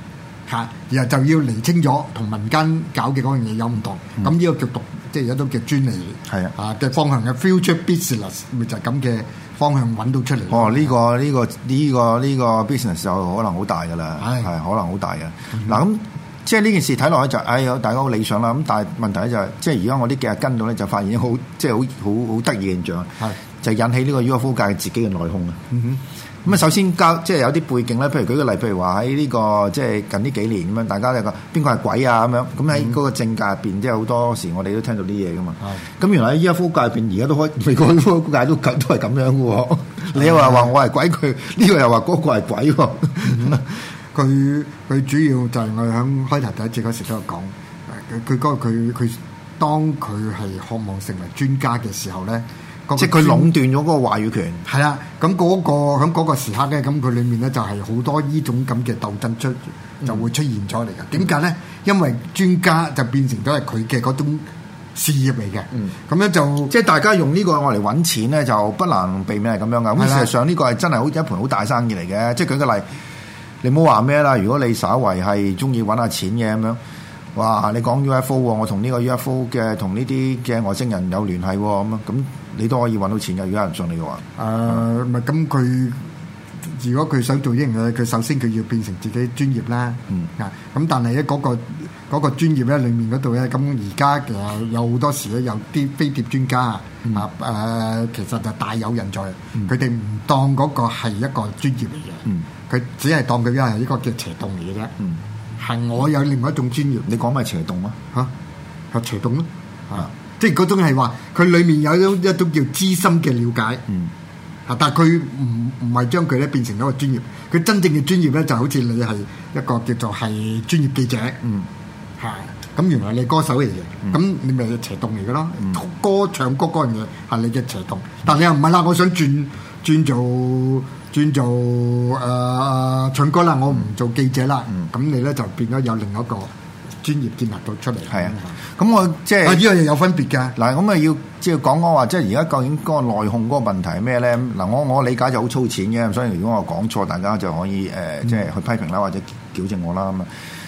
Speaker 2: 嚇、啊！然後就要釐清咗同民間搞嘅嗰樣嘢有唔同。咁呢、嗯、個叫獨。即係有啲叫專利，係啊嘅方向嘅 future business 咪就係咁嘅方向揾到出嚟。哦，呢
Speaker 1: 個呢個呢個呢個 business 就可能好大㗎啦，係唉可能好大嘅。嗱咁、嗯、哼即係呢件事睇落去就是，哎大家好理想啦。咁但係問題咧就係、是，即係而家我呢幾日跟到咧就發現好，即係好好好得意現象，係、嗯、哼就引起呢個 UFO 界自己嘅內訌啊。嗯哼。咁啊，首先交即係有啲背景咧。譬如舉個例，譬如話喺呢個即係近呢幾年咁樣，大家又講邊個係鬼啊咁樣。咁喺嗰個政界入邊，即係好多時我哋都聽到啲嘢噶嘛。咁、嗯、原來喺依一科界入邊，而家都開每個
Speaker 2: 科界都咁都係咁樣噶喎。嗯、你又話話我係鬼佢，呢、這個又話嗰個係鬼喎、啊。佢佢、嗯、主要就係我喺開頭第一次嗰時都有講。佢佢佢佢當佢係渴望成為專家嘅時候咧。即係佢壟斷咗嗰個話語權，係啦。咁嗰、嗰個喺嗰個時刻咧，咁佢裏面咧就係好多呢種咁嘅鬥爭出、嗯、就會出現咗嚟嘅。點解咧？因為專家就變成咗係佢嘅嗰種事業嚟嘅。嗯，咁樣就即係大家用呢個我嚟
Speaker 1: 揾錢咧，就不難避免係咁樣噶。事的實上呢個係真係好似一盤好大生意嚟嘅。即係舉個例，你唔好話咩啦，如果你稍為係中意揾下錢嘅咁樣，哇！你講 UFO，我同呢個 UFO 嘅同呢啲嘅外星人有聯繫咁啊咁。你都可以揾到錢㗎，如果有人信你嘅話。
Speaker 2: 誒，咪咁佢？如果佢想做呢樣嘢咧，佢首先佢要變成自己專業啦。嗯。啊。咁但係咧嗰個，嗰個專業咧，裡面嗰度咧，咁而家其實有好多時咧，有啲飛碟專家啊，啊誒，其實就大有人在。嗯。佢哋唔當嗰個係一個專業嚟嘅。嗯。佢只係當佢啊係一個叫邪洞嚟嘅
Speaker 3: 啫。
Speaker 2: 嗯。係我有另外一種專業，你講咪邪洞咯嚇？係邪洞咯啊！即係嗰種係話，佢裡面有一一種叫資深嘅了解，嚇、嗯！但係佢唔唔係將佢咧變成一個專業。佢真正嘅專業咧，就好似你係一個叫做係專業記者，
Speaker 3: 嚇、
Speaker 2: 嗯！咁、嗯、原來你歌手嚟嘅，咁、嗯、你咪一齊動嚟嘅咯。嗯、歌唱歌嗰樣嘢係你一齊動，嗯、但係你又唔係啦。我想轉轉做轉做誒唱歌啦，我唔做記者啦。咁、嗯、你咧就變咗有另一個。專業建立到出嚟係、就是、啊，咁我即係呢樣嘢有分別㗎。嗱，咁啊要即係講講話，即係而家究竟
Speaker 1: 嗰個內控嗰個問題係咩咧？嗱，我我理解就好粗淺嘅，所以如果我講錯，大家就可以誒即係去批評啦，或者矯正我啦咁啊。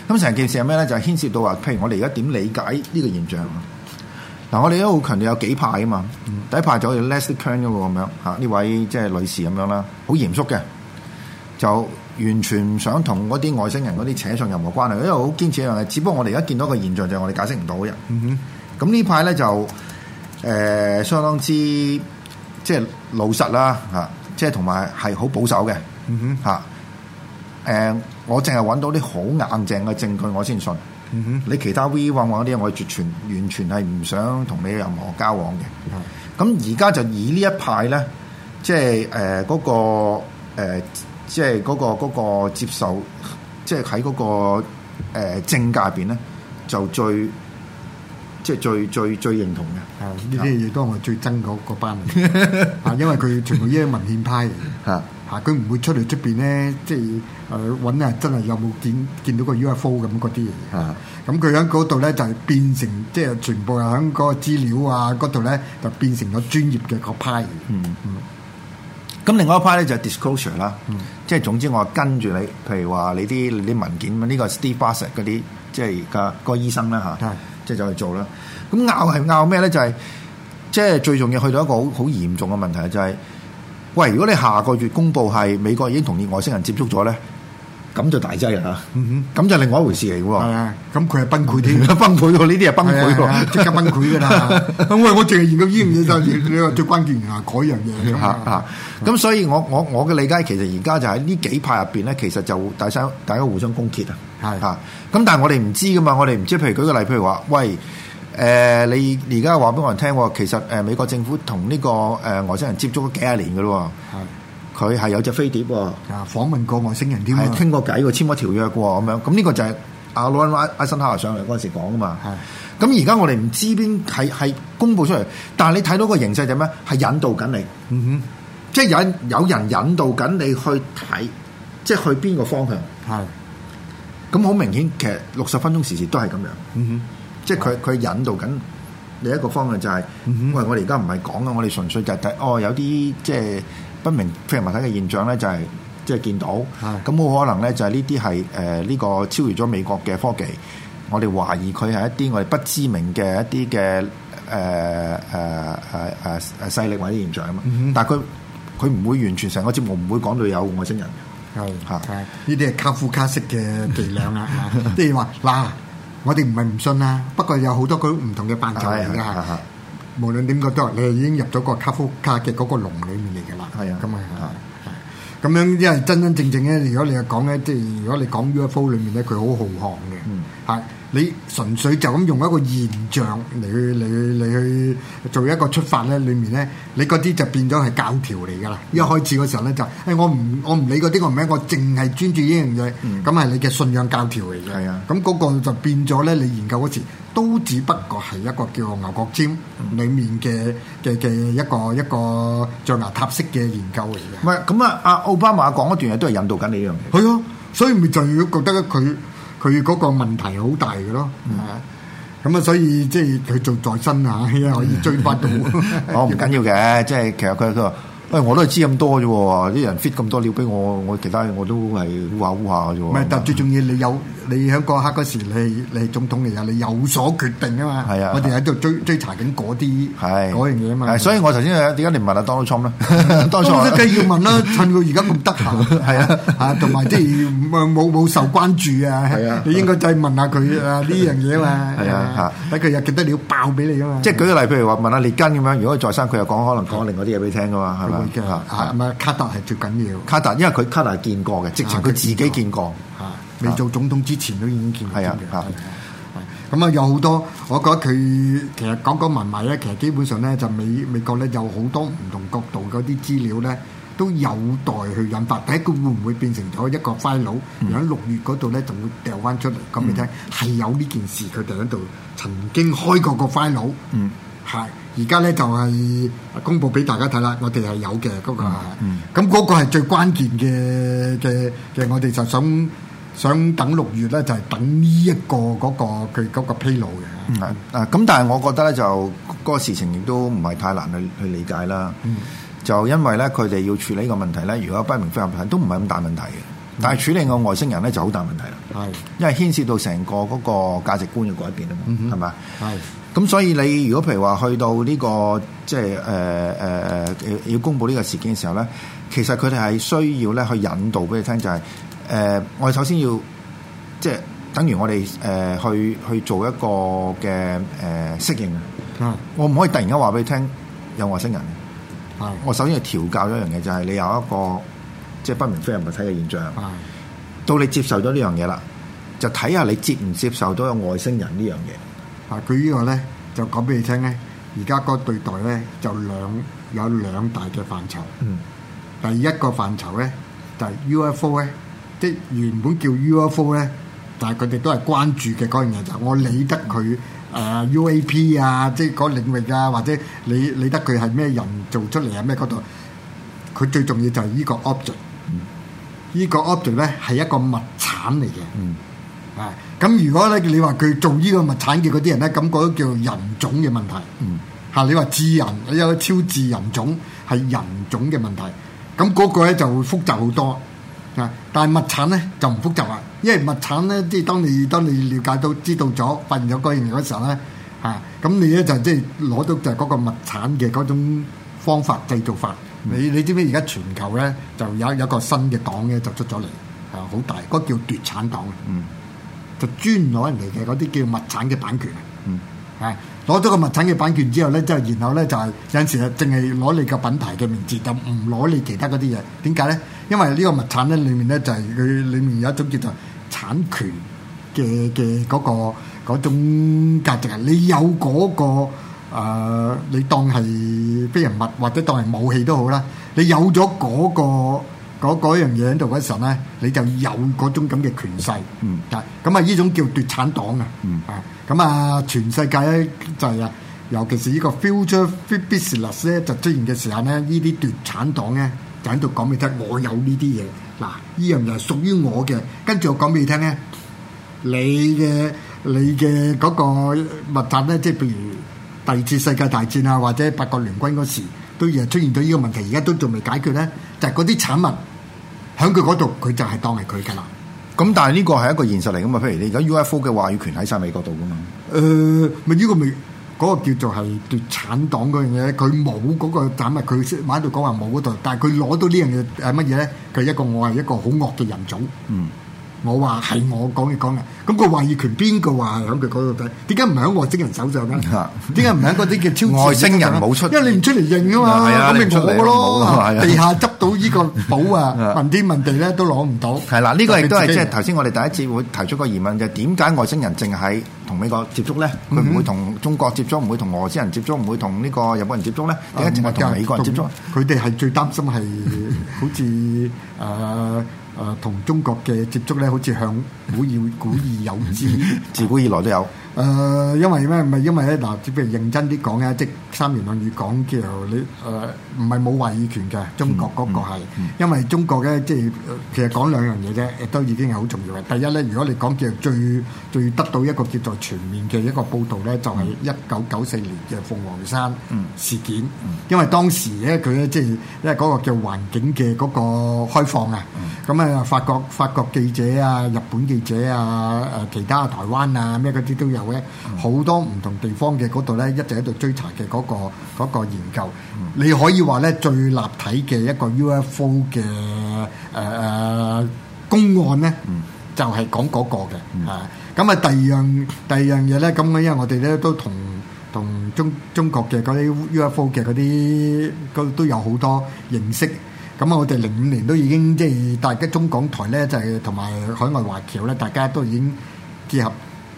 Speaker 1: 咁成件事係咩咧？就係、是、牽涉到話，譬如我哋而家點理解呢個現象？嗱、嗯，我哋都好強調有幾派啊嘛，第一派就我哋 Leslie Kean 嗰個咁樣嚇，呢位即係女士咁樣啦，好嚴肅嘅就。完全唔想同嗰啲外星人嗰啲扯上任何關係，因為好堅持一樣嘢，只不過我哋而家見到個現象，就係、是、我哋解釋唔到嘅。咁呢派咧就誒、呃、相當之即係老實啦吓、啊，即係同埋係好保守嘅吓誒，我淨係揾到啲好硬淨嘅證據，我先信。Mm hmm. 你其他 V1 啲，我絕全完全係唔想同你任何交往嘅。咁而家就以呢一派咧，即係誒嗰個誒。呃呃呃呃呃呃即係嗰、嗰個嗰個接受，即係喺嗰個、呃、政界入邊咧，就最即係最最最認同嘅。誒呢啲嘢
Speaker 2: 都係我最憎嗰嗰班人。啊， 因為佢全部呢啲文獻派嚟嘅。嚇嚇，佢唔會出嚟出邊咧，即係誒揾人真係有冇見見到個 UFO 咁嗰啲嘢。嚇、 嗯，咁佢喺嗰度咧就變成即係、就是、全部係喺嗰個資料啊嗰度咧就變成咗專業嘅個派。嗯 嗯。咁另外一派咧就係 disclosure 啦、嗯，即係總之我跟
Speaker 1: 住你，譬如話你啲你啲文件呢、呢個 Steve Bassett 嗰啲，即係個個醫生啦嚇是、就是，即係就去做啦。咁拗係拗咩咧？就係即係最重要去到一個好好嚴重嘅問題就係、是，喂，如果你下個月公佈係美國已經同意外星人接觸咗咧？咁就大劑啊！嚇、嗯哼，咁就另外一回事嚟喎。咁佢係崩潰啲。 崩潰喎！呢啲係崩
Speaker 2: 潰即、啊啊、刻崩潰㗎啦。餵！ 我淨係研究醫療，但係你話最關鍵
Speaker 1: 啊，嗰樣嘢咁咁，所以我，我我我嘅理解其實而家就喺呢幾派入邊咧，其實就大家大家互相攻擊啊。係啊。咁但係我哋唔知噶嘛，我哋唔知。譬如舉個例，譬如話，喂，誒、呃，你而家話俾我聽喎，其實誒美國政府同呢個誒外星人接觸咗幾廿年嘅咯。佢係有隻飛碟喎、哦啊，訪問過外星人添，傾過偈喎，簽過條約喎、哦，咁樣。咁呢個就係阿羅恩阿阿辛哈上嚟嗰陣時講㗎嘛。咁而家我哋唔知邊係係公佈出嚟，但係你睇到個形勢就咩？係引導緊你，嗯、哼即係有有人引導緊你去睇，即係去邊個方向？係的。咁好明顯，其實六十分鐘時時都係咁樣，嗯、哼即係佢佢引導緊另一個方向就係、是，嗯、哼喂，我哋而家唔係講啊，我哋純粹就係睇哦，有啲即係。不明飛行物體嘅現象咧，就係即係見到，咁好可能咧，就係呢啲係誒呢個超越咗美國嘅科技，我哋懷疑佢係一啲我哋不知名嘅一啲嘅誒誒誒誒勢力或者現象啊嘛。但係佢佢唔會完全成個節目唔會講到有外星人，係
Speaker 2: 係呢啲係卡夫卡式嘅伎倆啊。即係話嗱，我哋唔係唔信啦，不過有好多佢唔同嘅辦法。嚟嘅係。無論點講都係，你係已經入咗個卡夫卡嘅嗰個籠裏面嚟㗎啦。係啊的，咁啊樣，樣即係真真正正咧。如果你係講咧，即、就是、如果你講 UFO 裏面咧，佢好浩瀚嘅，嗯你純粹就咁用一個現象嚟去嚟去，嚟去做一個出發咧，裏面咧你嗰啲就變咗係教條嚟㗎啦。嗯、一開始嗰時候咧就，誒我唔我唔理嗰啲個名，我淨係專注呢樣嘢，咁係、嗯、你嘅信仰教條嚟嘅。係啊、嗯，咁嗰個就變咗咧，你研究嗰時都只不過係一個叫牛角尖裡面嘅嘅嘅一個一個象牙塔式嘅研究嚟嘅。唔係咁啊，阿奧巴馬講一段嘢都係引導緊你呢樣嘢。係啊、嗯，所以咪就要覺得咧佢。佢嗰個問題好大嘅咯，咁啊、嗯嗯，所以即係佢做在身啊， 可以追翻到。我唔緊
Speaker 1: 要嘅，即係其實佢都話，喂、哎、我都係知咁多啫喎，啲人 fit 咁多料俾我，我其他我都係烏下烏下嘅啫喎。唔係，但
Speaker 2: 最重要你有。你喺嗰刻嗰時，你你總統嚟啊！你有所決定啊嘛，我哋喺度追追查緊嗰啲嗰樣嘢啊嘛。所
Speaker 1: 以，我頭先點解你唔問下阿 Donald Trump 咧？阿 Donald Trump 梗要
Speaker 2: 問啦，趁佢而家咁得
Speaker 1: 閒。係啊，
Speaker 2: 嚇同埋即係冇冇冇受關注啊。係啊，你應該就係問下佢啊呢樣嘢啊嘛。係啊嚇，睇佢有幾多料爆俾你啊嘛。即
Speaker 1: 係舉個例，譬如話問下列根咁樣，如果在生佢又講可能講另外啲嘢俾你聽噶嘛，係咪？啊，咁啊卡達係最緊要。卡達，因為佢卡達係見過嘅，直情佢自
Speaker 2: 己見過，未做總統之前都已經見過嘅，咁啊的、嗯、有好多，我覺得佢其實講講埋埋咧，其實基本上咧就美美國咧有好多唔同角度嗰啲資料咧都有待去引發。第一，佢會唔會變成咗一個 file？喺六月嗰度咧，就會掉翻出嚟講你聽，係、嗯、有呢件事，佢哋喺度曾經開過個 file，嗯，係而家咧就係公佈俾大家睇啦。我哋係有嘅嗰、嗯嗯、個，咁嗰個係最關鍵嘅嘅嘅，我哋就想。想等六月咧，就係、是、等呢一個嗰、那個佢嗰、那個那個披露
Speaker 1: 嘅、嗯。啊，咁但係我覺得咧，就嗰、那個事情亦都唔係太難去去理解啦。嗯、就因為咧，佢哋要處理個問題咧，如果不明飛行物都唔係咁大問題嘅，但係處理個外星人咧就好大問題啦。係、嗯，因為牽涉到成個嗰個價值觀嘅改變啊嘛，係嘛？係。咁所以你如果譬如話去到呢、這個即係誒誒誒要公布呢個事件嘅時候咧，其實佢哋係需要咧去引導俾你聽、就是，就係、是。誒、呃，我哋首先要即係等於我哋誒、呃、去去做一個嘅誒、呃、適應啊。嗯、我唔可以突然間話俾你聽有外星人。嗯、我首先要調教咗一樣嘢，就係、是、你有一個即係不明飛行物體嘅現象。嗯、到你接受咗呢樣嘢啦，就睇下你接唔接受到有外星人呢樣嘢。
Speaker 2: 啊，佢呢個咧就講俾你聽咧，而家個對待咧就兩有兩，有兩大嘅範疇。嗯，第一個範疇咧就係、是、UFO 咧。即係原本叫 UFO 咧，但係佢哋都係關注嘅嗰樣嘢就我理得佢誒 UAP 啊，即係嗰領域啊，或者理理得佢係咩人做出嚟啊咩嗰度，佢最重要就係依個 object。依個 object 咧係一個物產嚟嘅，啊咁如果咧你話佢做依個物產嘅嗰啲人咧，咁嗰都叫人種嘅問題。嚇你話智人有超智人種係人種嘅問題，咁嗰個咧就會複雜好多。啊！但係物產咧就唔複雜啊，因為物產咧即係當你當你瞭解到知道咗發現有嗰樣嘢嗰時候咧，啊咁你咧就即係攞到就係嗰個物產嘅嗰種方法製造法。你你知唔知而家全球咧就有一一個新嘅黨咧就出咗嚟，啊好大，嗰個叫奪產黨，嗯。就專攞人哋嘅嗰啲叫物產嘅版權，嗯。啊！攞咗個物產嘅版權之後咧，即係然後咧就係有陣時啊，淨係攞你個品牌嘅名字，就唔攞你其他嗰啲嘢。點解咧？因為呢個物產咧，裡面咧就係、是、佢裡面有一種叫做產權嘅嘅嗰個嗰種價值。你有嗰、那個、呃、你當係飛人物或者當係武器都好啦。你有咗嗰、那個嗰、那個、樣嘢喺度嘅時候咧，你就有嗰種咁嘅權勢。嗯。啊。咁啊，呢種叫奪產黨啊。嗯。啊、嗯。咁、嗯、啊、嗯嗯，全世界咧就係、是、啊，尤其是呢個 future business 咧就出現嘅時候咧，呢啲奪產黨咧。就喺度講俾你聽，我有呢啲嘢，嗱呢樣就係屬於我嘅。跟住我講俾你聽咧，你嘅你嘅嗰個物質咧，即係譬如第二次世界大戰啊，或者八國聯軍嗰時，都已經出現到呢個問題，而家都仲未解決咧，就係嗰啲產物喺佢嗰度，佢就係當係佢噶啦。咁但係呢個係一個現實嚟噶嘛？譬如你而家 UFO 嘅話語權喺曬美國度噶嘛？誒，咪呢個咪。嗰個叫做係奪產黨，嗰樣嘢，佢冇嗰個膽啊，佢識喺度講話冇嗰度，但係佢攞到呢樣嘢係乜嘢咧？佢係一個我係一個好惡嘅人種。嗯。我話係我講嘅講嘅，咁個話語權邊個話喺佢嗰度抵？點解唔係喺我精人手上咧？點解唔係喺嗰啲叫超外星人冇出，因為你唔出嚟認啊嘛，咁咪冇咯。地下執到呢個寶啊，問天問地咧都攞唔到。係啦，
Speaker 1: 呢個亦都係即係頭先我哋第一次會提出個疑問就係點解外星人淨係同美國接觸咧？佢唔會同中國接觸，唔會同俄羅斯人接觸，唔會同呢個日本人接觸咧？點解淨係同美國人接觸？
Speaker 2: 佢哋係最擔心係好似誒。誒同中國嘅接觸咧，好似向古而古已有之，
Speaker 1: 自古以來都有。
Speaker 2: 誒，因為咩，唔係因為咧，嗱，即譬如認真啲講咧，即係三言兩語講叫你誒，唔係冇話語權嘅。中國嗰個係，因為中國咧，即係其實講兩樣嘢啫，亦都已經係好重要嘅。第一咧，如果你講叫最最得到一個叫做全面嘅一個報導咧，就係一九九四年嘅鳳凰山事件，因為當時咧佢咧即係因為嗰個叫環境嘅嗰個開放啊。咁啊，法國法國記者啊，日本記者啊，誒其他台灣啊，咩嗰啲都有嘅，好、嗯、多唔同地方嘅嗰度咧，一直喺度追查嘅嗰、嗰個嗰個研究。嗯、你可以話咧，最立體嘅一個 UFO 嘅誒誒、呃、公案咧，嗯、就係講嗰個嘅嚇。咁、嗯、啊，第二樣第二樣嘢咧，咁我因為我哋咧都同同中中國嘅嗰啲 UFO 嘅嗰啲都都有好多認識。咁啊！我哋零五年都已經即係大家中港台咧，就係同埋海外華僑咧，大家都已經結合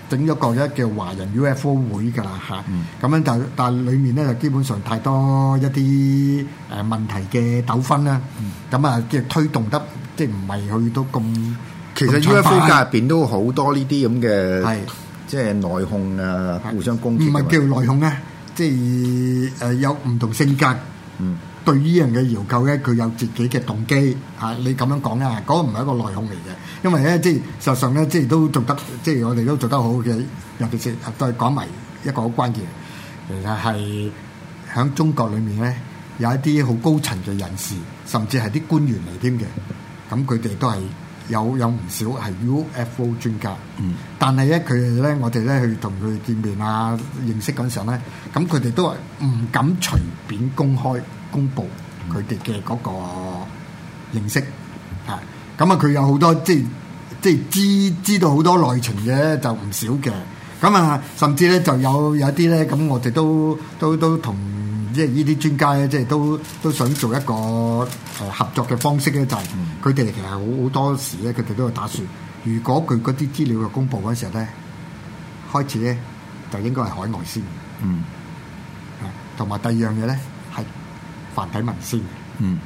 Speaker 2: 整咗個一叫華人 UFO 會噶啦嚇。咁樣就但係裡面咧就基本上太多一啲誒問題嘅糾紛啦。咁啊、嗯，即係推動得即係唔係去到咁。其實 UFO 界入
Speaker 1: 邊都好多呢啲咁嘅，即係內訌啊，
Speaker 2: 互相攻擊。唔係叫內訌啊，即係誒有唔同性格。嗯。對於人嘅研究，咧，佢有自己嘅動機嚇。你咁樣講咧，嗰、嗰個唔係一個內控嚟嘅，因為咧即係事實上咧，即係都做得，即係我哋都做得好嘅。尤其是都係講埋一個好關鍵。其實係喺中國裏面咧，有一啲好高層嘅人士，甚至係啲官員嚟添嘅。咁佢哋都係有有唔少係 UFO 專家。嗯。但係咧，佢哋咧，我哋咧去同佢哋見面啊、認識嗰陣時候咧，咁佢哋都係唔敢隨便公開。公布佢哋嘅嗰個認識，嚇咁啊！佢、嗯、有好多即係即係知知道好多內情嘅，就唔少嘅。咁、嗯、啊，甚至咧就有有啲咧咁，我哋都都都同即係呢啲專家咧，即係都都想做一個誒、呃、合作嘅方式咧，就係佢哋其實好好多時咧，佢哋都有打算。如果佢嗰啲資料嘅公布嗰陣時候咧，開始咧就應該係海外先。嗯，同埋、嗯、第二樣嘢咧。繁體文先，嗯，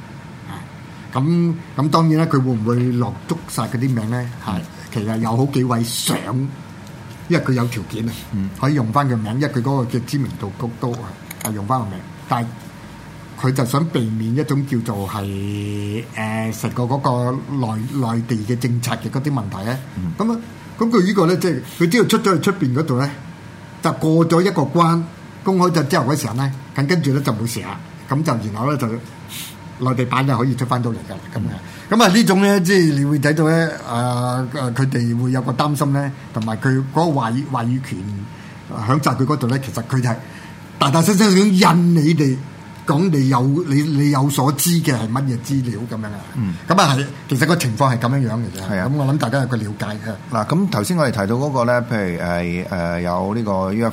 Speaker 2: 啊、嗯，咁咁當然啦，佢會唔會落足晒嗰啲名咧？係是其實有好幾位想，因為佢有條件啊，嗯、可以用翻佢名，因一佢嗰個嘅知名度高多啊，用翻個名，但係佢就想避免一種叫做係誒成個嗰個內，內地嘅政策嘅嗰啲問題咧。咁啊、嗯，咁佢、嗯、呢個咧，即係佢只要出咗去出邊嗰度咧，就過咗一個關公開咗之後嗰時候咧，咁跟住咧就冇事啦。咁就然後咧就內地版就可以出翻到嚟㗎啦，咁嘅。咁啊呢種咧，即係你會睇到咧，啊、呃，佢、呃、哋、呃呃呃、會有個擔心咧，同埋佢嗰個話語話語權享受佢嗰度咧，其實佢就係大大聲聲想印你哋講你有你你有所知嘅係乜嘢資料咁樣啊。嗯。咁啊係，其實個情況係咁樣樣嘅嘅。係啊的。咁我諗大家有個了解嘅。
Speaker 1: 嗱，咁頭先我哋提到嗰、嗰個咧，譬如係誒、呃、有呢個 UF 誒、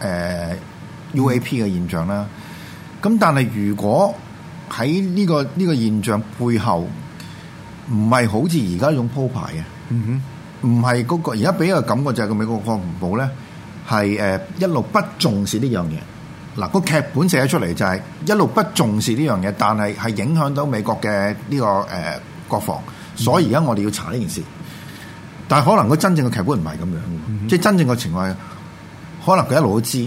Speaker 1: 呃、UAP 嘅現象啦。嗯。咁但係如果喺呢個呢個現象背後，唔係好似而家呢種鋪排嘅，唔係嗰個而家俾個感覺就係個美國國防部咧，係誒一路不重視呢樣嘢。嗱、呃個劇本寫咗出嚟就係一路不重視呢樣嘢，但係係影響到美國嘅呢個誒、呃、國防，所以而家我哋要查呢件事。但係可能佢真正嘅劇本唔係咁樣，嗯哼即係真正嘅情況可能佢一路都知。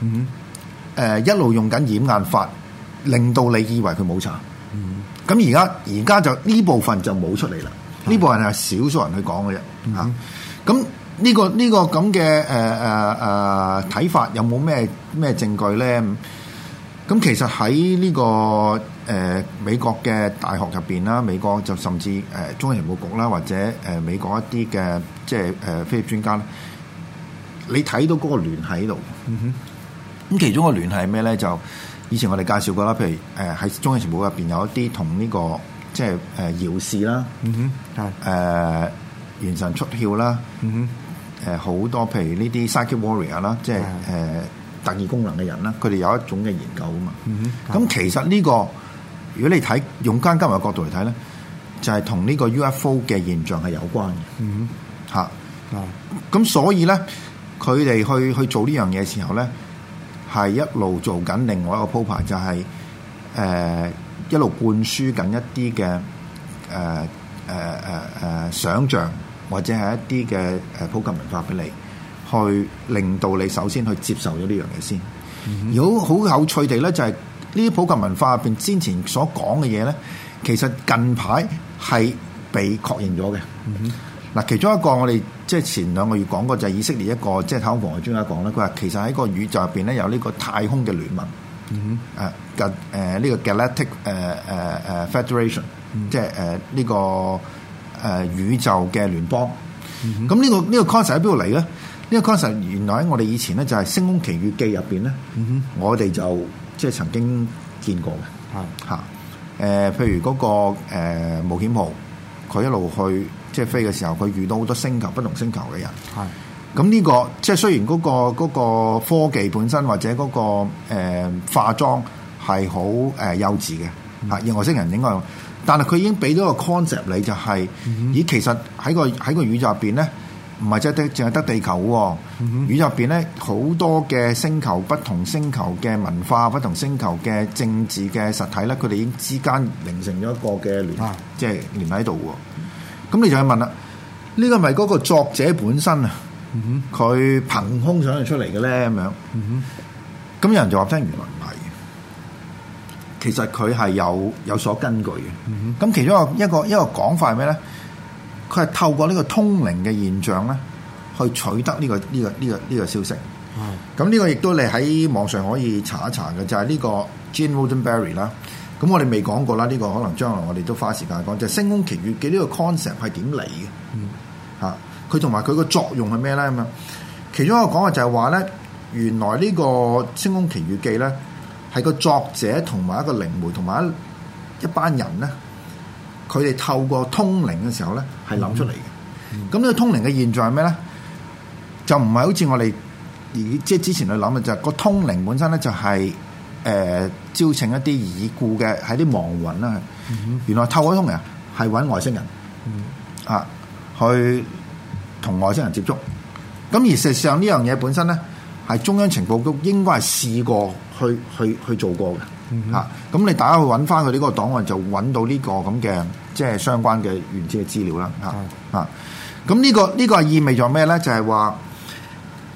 Speaker 1: 嗯哼誒、呃、一路用緊掩眼法，令到你以為佢冇查。咁而家而家就呢部分就冇出嚟啦。呢是的 部分係少數人去講嘅啫。嚇、嗯哼，咁呢、啊這個呢、這個咁嘅誒誒誒睇法有冇咩咩證據咧？咁、嗯、其實喺呢、這個誒、呃、美國嘅大學入邊啦，美國就甚至誒、呃、中央人報局啦，或者誒、呃、美國一啲嘅即係誒飛業專家咧，你睇到嗰個聯繫喺度。嗯哼咁其中嘅聯繫咩咧？就以前我哋介紹過啦，譬如誒喺《中英情報》入邊有一啲同呢個即係誒搖士啦，嗯哼，誒、mm hmm. 呃、元神出竅啦，哼、mm，誒、hmm. 好多譬如呢啲 p s y c h i warrior 啦，hmm. 即係是誒特異功能嘅人啦，佢哋有一種嘅研究啊嘛，哼、mm。咁、hmm. 其實呢、這個如果你睇用間金嘅角度嚟睇咧，就係同呢個 UFO 嘅現象係有關嘅，嗯咁所以咧，佢哋去去做呢樣嘢時候咧。係一路做緊另外一個鋪排、就係，就係誒一路灌輸緊一啲嘅誒誒誒誒想像，或者係一啲嘅誒普及文化俾你，去令到你首先去接受咗呢樣嘢先。如果好有趣地咧、就係，就係呢啲普及文化入邊先前所講嘅嘢咧，其實近排係被確認咗嘅。嗯嗱，其中一個我哋即係前兩個月講過，就係以色列一個，即、就、係、是、太空防衞專家講咧，佢話其實喺個宇宙入邊咧，有呢個太空嘅聯盟，啊、mm，嘅、hmm. 呢、uh, 個 Galactic 誒、uh, uh, Federation，、mm hmm. 即係誒呢個誒、uh, 宇宙嘅聯邦。咁呢、mm hmm. 這個呢、這個 concept 喺邊度嚟咧？呢、這個 concept 原來喺我哋以前咧就係《星空奇遇記面》入邊咧，hmm. 我哋就即係、就是、曾經見過嘅。係嚇誒，譬如嗰、那個誒冒、呃、險號，佢一路去。即係飛嘅時候，佢遇到好多星球，不同星球嘅人。係咁呢個，即係雖然嗰個嗰個科技本身或者嗰個、呃、化妝係好誒幼稚嘅，啊、嗯，外星人應該，但係佢已經俾咗個 concept 你、就係，就係咦，其實喺個喺個宇宙入邊咧，唔係即係得，淨係得地球喎、哦。宇宙入邊咧，好多嘅星球，不同星球嘅文化，不同星球嘅政治嘅實體咧，佢哋已經之間形成咗一個嘅聯，啊、即係聯喺度。咁你就去問啦，呢個咪嗰個作者本身啊，佢、mm hmm. 憑空想象出嚟嘅咧咁樣。咁、
Speaker 3: mm
Speaker 1: hmm. 有人就話聽原來唔係，其實佢係有有所根據嘅。咁、mm hmm. 其中一個一個一個講法係咩咧？佢係透過呢個通靈嘅現象咧，去取得呢個呢個呢個呢個消息。咁呢、mm hmm. 個亦都你喺網上可以查一查嘅，就係、係、呢個 Gene Roddenberry 啦。咁我哋未講過啦，呢、這個可能將來我哋都花時間講，就係《星空奇遇記》呢個 concept 係點嚟嘅？吓，佢同埋佢個作用係咩咧？咁啊，其中一個講法就係話咧，原來呢個《星空奇遇記》呢咧係個作者同埋一個靈媒同埋一班人咧，佢哋透過通靈嘅時候咧係諗出嚟嘅。咁呢、嗯、個通靈嘅現象係咩咧？就唔係好似我哋以即係之前去諗嘅，就係、個通靈本身咧就係、係。誒、呃、招請一啲已故嘅喺啲亡魂啦，嗯、哼原來透過通人係揾外星人、嗯、哼啊，去同外星人接觸。咁而實上呢樣嘢本身咧，係中央情報局應該係試過去去去做過嘅嚇。咁你、嗯哼啊、大家去揾翻佢呢個檔案，就揾到呢個咁嘅即係相關嘅原始嘅資料啦嚇嚇。咁呢個呢個係意味咗咩咧？就係話。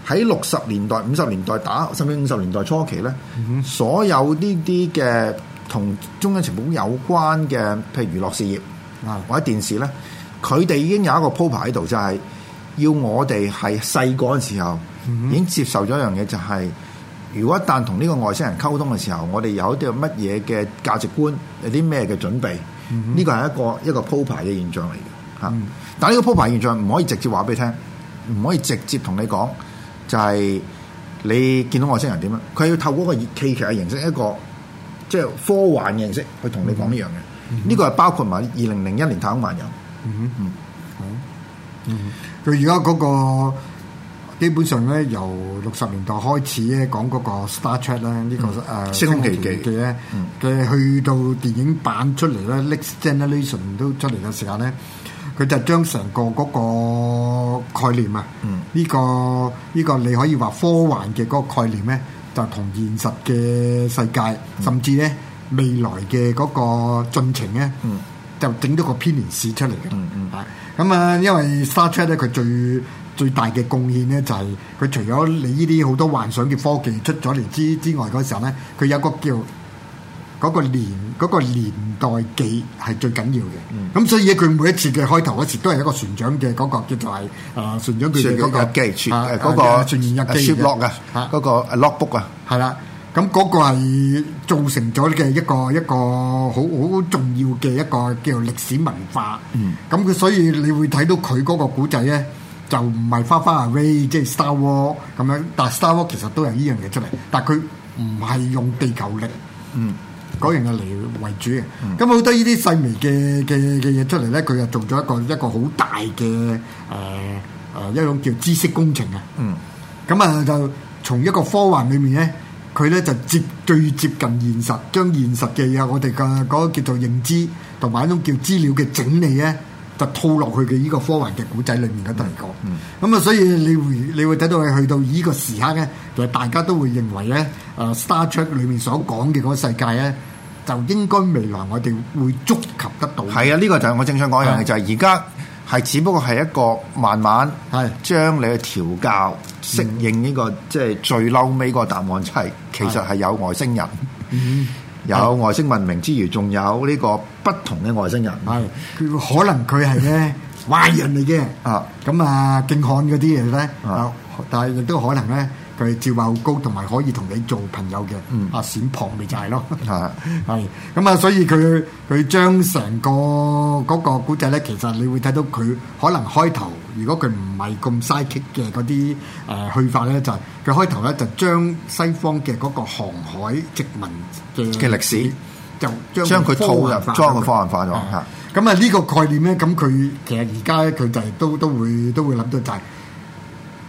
Speaker 1: 喺六十年代、五十年代打，甚至五十年代初期咧，mm hmm. 所有呢啲嘅同中央情報有關嘅，譬如娛樂事業或者電視咧，佢哋、mm hmm. 已經有一個鋪排喺度，就係、是、要我哋係細個嘅時候已經接受咗一樣嘢，就係、是、如果一旦同呢個外星人溝通嘅時候，我哋有一啲乜嘢嘅價值觀，有啲咩嘅準備，呢個係一個一個鋪排嘅現象嚟嘅嚇。Mm hmm. 但係呢個鋪排現象唔可以直接話俾你聽，唔可以直接同你講。就係你見到外星人點啊？佢要透過一個戲劇嘅形式，一個即係科幻嘅形式去同你講呢樣嘅。呢、嗯、哼個係包括埋二零零一年太空漫遊。嗯嗯。嗯
Speaker 2: 佢而家嗰個基本上咧，由六十年代開始咧，講嗰個 Star Trek 咧、這個，啊、呢個誒星空奇遇記嘅咧，嘅、嗯、去到電影版出嚟咧 Next Generation 都出嚟嘅時間咧。佢就將成個嗰個概念啊，呢、嗯這個呢、這個你可以話科幻嘅嗰個概念咧，就同現實嘅世界，嗯、甚至咧未來嘅嗰個進程咧，嗯、就整咗個編年史出嚟嘅。啊、嗯，咁、嗯、啊、嗯，因為 Star Trek 咧，佢最最大嘅貢獻咧，就係佢除咗你呢啲好多幻想嘅科技出咗嚟之之外，嗰時候咧，佢有個叫嗰個年嗰個年代記係最緊要嘅，咁所以咧佢每一次嘅開頭嗰時都係一個船長嘅嗰個叫做係啊船長佢嗰個記，嗰個船員日記，ship log 啊，嗰個 log book 啊，係啦，咁嗰個係造成咗嘅一個一個好好重要嘅一個叫做歷史文化，咁佢所以你會睇到佢嗰個古仔咧就唔係花花啊 way 即係 Star War 咁樣，但係 Star War 其實都係依樣嘢出嚟，但係佢唔係用地球力，嗯。嗰樣嘅嚟為主嘅，咁好、嗯、多呢啲細微嘅嘅嘅嘢出嚟呢，佢又做咗一個一個好大嘅誒誒一種叫知識工程啊，咁啊、嗯、就從一個科幻裏面呢，佢呢就接最接近現實，將現實嘅嘢，我哋嘅嗰個叫做認知同埋一種叫資料嘅整理咧。就套落去嘅呢個科幻嘅古仔裏面嘅題角，咁啊、嗯嗯，所以你會你會睇到去到呢個時刻咧，就大家都會認為咧，啊、呃、Star Trek 裏面所講嘅嗰個世界咧，就應該未來我哋會觸及得到。係啊，呢、這個就係我正想講嘅，啊、就係而家係只不過
Speaker 1: 係一個慢慢係將你去調教、啊、承認呢、這個即係、就是、最嬲尾個答案、就是，就係其實係有外星人。有外星文明之餘，仲有呢個不同嘅外星人。
Speaker 2: 佢可能佢係咧壞人嚟嘅。 啊，咁啊，勁悍嗰啲嚟咧。啊的，但係亦都可能咧。佢照化好高，同埋可以同你做朋友嘅阿閃婆咪就係咯，係咁啊！所以佢佢將成個嗰個古仔咧，其實你會睇到佢可能開頭，如果佢唔係咁嘥極嘅嗰啲誒去法咧，就係佢開頭咧就將西方嘅嗰個航海殖民嘅嘅歷史就將將佢套入將佢方案化咗嚇。咁啊呢個概念咧，咁佢其實而家咧佢就都都會都會諗到就係。初期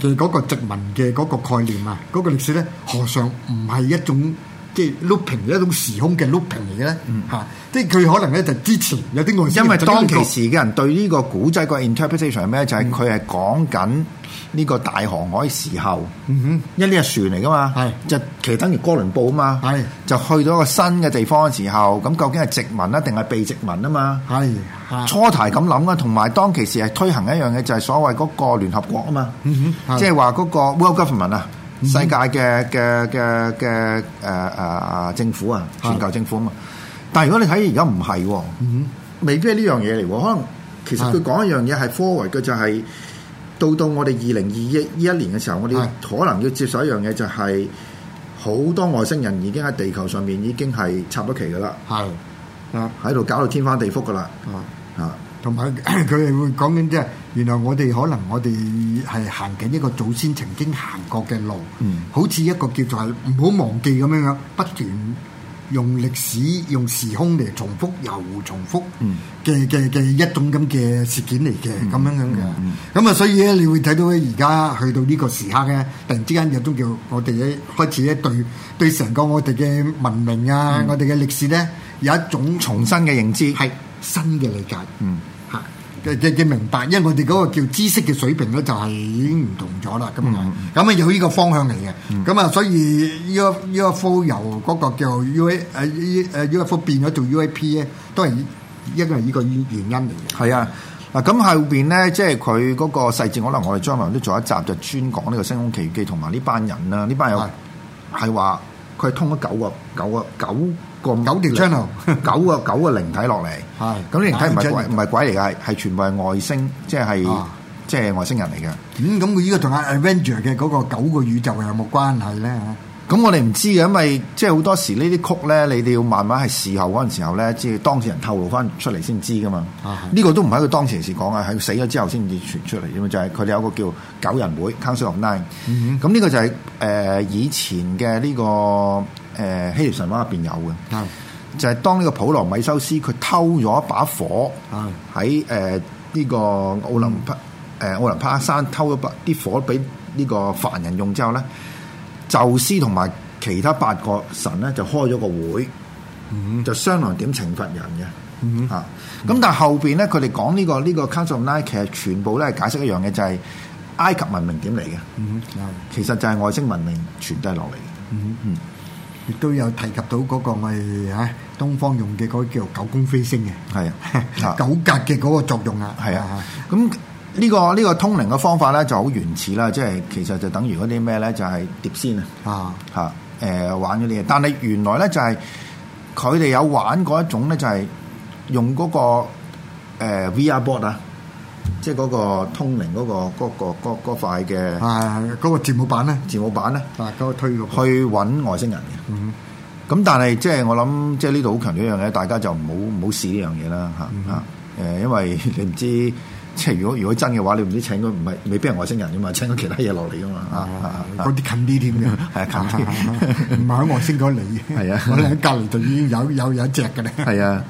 Speaker 2: 嘅嗰個殖民嘅嗰個概念啊，嗰、那個歷史咧，何嘗唔係一種即係 looping 嘅一種時空嘅 looping 嚟嘅咧？嚇、嗯啊，即係佢可能咧就是、之前有啲外星人，因為當其時
Speaker 1: 嘅人對呢個古仔個 interpretation 係咩就係佢係講緊。呢個大航海時候，嗯、哼因為呢隻船嚟噶嘛，就其實等於哥倫布啊嘛，是就去到一個新嘅地方嘅時候，咁究竟係殖民啊，定係被殖民啊嘛？係是初提咁諗嘅，同埋當其時係推行一樣嘢，就係所謂嗰個聯合國啊嘛，即係話嗰個 World Government 啊，世界嘅嘅嘅嘅誒誒政府啊，全球政府啊嘛。但係如果你睇而家唔係，未必係呢樣嘢嚟，可能其實佢講一樣嘢係 forward 嘅就係、是。到到我哋二零二一呢一年嘅時候，我哋可能要接受一樣嘢，就是，就係好多外星人已經喺地球上面已經係插咗旗噶啦，
Speaker 2: 係啊喺度搞到天翻地覆噶啦，啊同埋佢哋會講緊即係原來我哋可能我哋係行緊一個祖先曾經行過嘅路，嗯、好似一個叫做係唔好忘記咁樣樣不斷。用歷史、用時空嚟重複又重複嘅嘅嘅一種咁嘅事件嚟嘅咁樣樣嘅，咁啊、嗯嗯、所以咧，你會睇到而家去到呢個時刻咧，突然之間有種叫我哋咧開始咧對對成個我哋嘅文明啊、嗯、我哋嘅歷史咧有一種重新嘅認知，係是新嘅理解。嗯嘅嘅嘅明白，因為我哋嗰個叫知識嘅水平咧就係已經唔同咗啦，咁啊、嗯，咁、嗯、啊有呢個方向嚟嘅，咁啊、嗯、所以 UF、UFO 由嗰個叫 UA,、啊、U 誒誒誒 UFO 變咗做 UAP 咧，都係一個呢個原因嚟嘅。係啊，嗱咁後邊
Speaker 1: 咧，即係佢嗰個細節，可能我哋將來都做一集，就係、專講呢個《星空奇遇記》同埋呢班人啦、啊，呢班人係話。是佢通咗九個、九個、九個、九條個 channel，九個、 九個靈體落嚟。係，咁啲靈體唔係唔係鬼嚟㗎，係全部係外星，即係、啊、即係外星人嚟㗎。嗯，
Speaker 2: 咁佢呢個同阿 Avenger 嘅嗰個九個宇宙有冇關係咧？
Speaker 1: 咁、嗯嗯、我哋唔知嘅，因為即係好多時呢啲曲咧，你哋要慢慢係事後嗰陣時候咧，即係當事人透露翻出嚟先知噶嘛。呢、啊、個都唔喺佢當事時講啊，喺死咗之後先至傳出嚟。因為就係佢哋有個叫九人會 （Council of Nine）、嗯哼。咁呢個就係誒以前嘅呢、呢個誒希臘神話入邊有嘅。嗯、就係當呢個普羅米修斯佢偷咗一把火喺誒呢個奧林匹誒、呃、奧林匹克山偷咗把啲火俾呢個凡人用之後咧。宙斯同埋其他八個神咧就開咗個會，嗯、就商量點懲罰人嘅嚇。咁、嗯啊、但係後邊咧，佢哋講呢個呢個《這個、Council of Nine》其實全部咧解釋一樣嘅，就係埃及文明點嚟嘅。嗯、其實就係外星文明
Speaker 2: 傳遞落嚟嘅。嗯
Speaker 3: 嗯，
Speaker 2: 亦、嗯、都有提及到嗰個我哋、啊、東方用嘅嗰個叫做九宮飛星嘅，係啊 九格嘅嗰個作用啊。係啊，咁。
Speaker 1: 呢、這個呢、這個通靈嘅方法咧就好原始啦，即係其實就等於嗰啲咩咧，就係、是、碟仙啊，嚇誒、啊呃、玩嗰啲嘢。但係原來咧就係佢哋有玩過一種咧，就係、是、用嗰、那個、呃、VR board 啊，即係嗰個通靈嗰、那個嗰、那個嗰、那個那個、塊嘅。係係嗰個字母板咧，字母板咧。係嗰、啊那個、推去揾外星人嘅。咁、嗯、哼但係即係我諗，即係呢度好強調一樣嘢，大家就唔好唔好試呢樣嘢啦嚇嚇。誒、嗯，因為你唔知。 即係如果如果真嘅話，你唔知請咗唔係未必係外星人嘅嘛？請咗其他嘢落嚟嘅嘛？啊嗰啲近啲添嘅，係啊，近啲唔係喺外星嗰度嚟嘅。係啊，我哋喺隔離度已經有有有一隻嘅咧。係啊，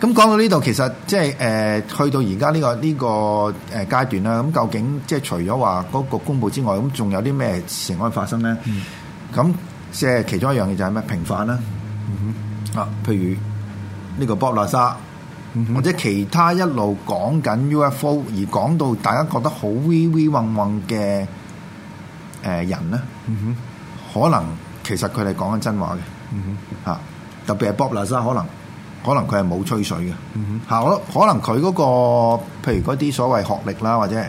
Speaker 1: 咁講到呢度，其實即係誒去到而家呢個呢個誒階段啦。咁究竟即係除咗話嗰個公佈之外，咁仲有啲咩事可以發生咧？咁即係其中一樣嘢就係咩平反啦。啊，譬如呢個 Bob Lazar。或者其他一路講緊 UFO，而講到大家覺得好威威嗡嗡嘅誒人咧，mm hmm. 可能其實佢哋講緊真話嘅嚇，mm hmm. 特別係 Bob Lazar 可能可能佢係冇吹水嘅嚇，我、mm hmm. 可能佢嗰、嗰個，譬如嗰啲所謂學歷啦，或者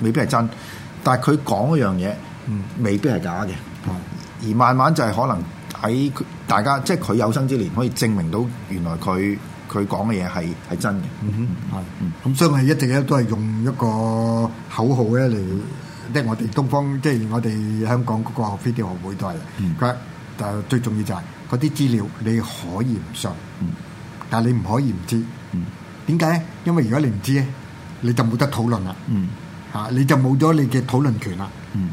Speaker 1: 未必係真，但係佢講嗰樣嘢，mm hmm. 未必係假嘅。Mm hmm. 而慢慢就係可能喺大家，即係佢有生之年可以證明到原來佢。佢講嘅嘢係係真嘅，
Speaker 2: 係，咁所以我哋一直咧都係用一個口號咧嚟，即係、嗯、我哋東方，即、就、係、是、我哋香港嗰個飛碟學會都係，但就、嗯、最重要就係嗰啲資料你可以唔信，嗯、但係你唔可以唔知，點解咧？因為如果你唔知咧，你就冇得討論啦，嚇、嗯、你就冇咗你嘅討論權啦，
Speaker 3: 嚇
Speaker 2: 咁、嗯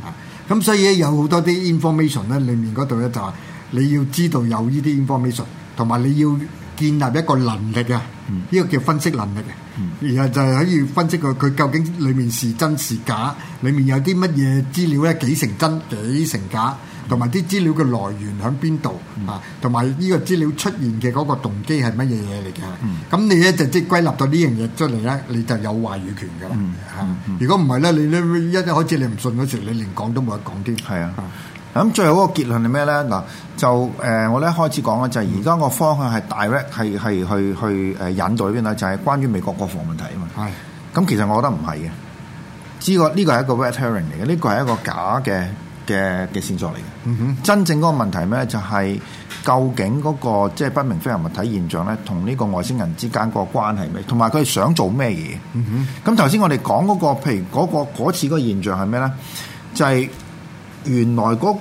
Speaker 2: 嗯、所以咧有好多啲 information 咧，裡面嗰度咧就係你要知道有呢啲 information，同埋你要。建立一個能力啊，呢個叫分析能力啊，然後就係可以分析佢佢究竟裏面是真是假，裏面有啲乜嘢資料咧幾成真幾成假，同埋啲資料嘅來源喺邊度啊，同埋呢個資料出現嘅嗰個動機係乜嘢嘢嚟嘅，咁、嗯、你咧就即、是、係歸納到呢樣嘢出嚟咧，你就有話語權㗎啦嚇。如果唔係咧，你咧一開始你唔信嗰時，你連講都冇得講啲。係、嗯嗯、啊。
Speaker 1: 咁最後嗰個結論係咩咧？嗱，就誒、呃、我咧開始講嘅就係而家個方向係 direct 係係去去誒引導呢邊咧，就係、是、關於美國國防問題啊嘛。係唉。咁其實我覺得唔係嘅，呢個呢個係一個 red herring 嚟嘅，呢個係一個假嘅嘅嘅線索嚟嘅。嗯、哼。真正嗰個問題咧，就係、是、究竟嗰、那個即係、就是、不明飛行物體現象咧，同呢個外星人之間個關係咩？同埋佢哋想做咩嘢？嗯、哼。咁頭先我哋講嗰個，譬如嗰、那個嗰次個現象係咩咧？就係、是。原來嗰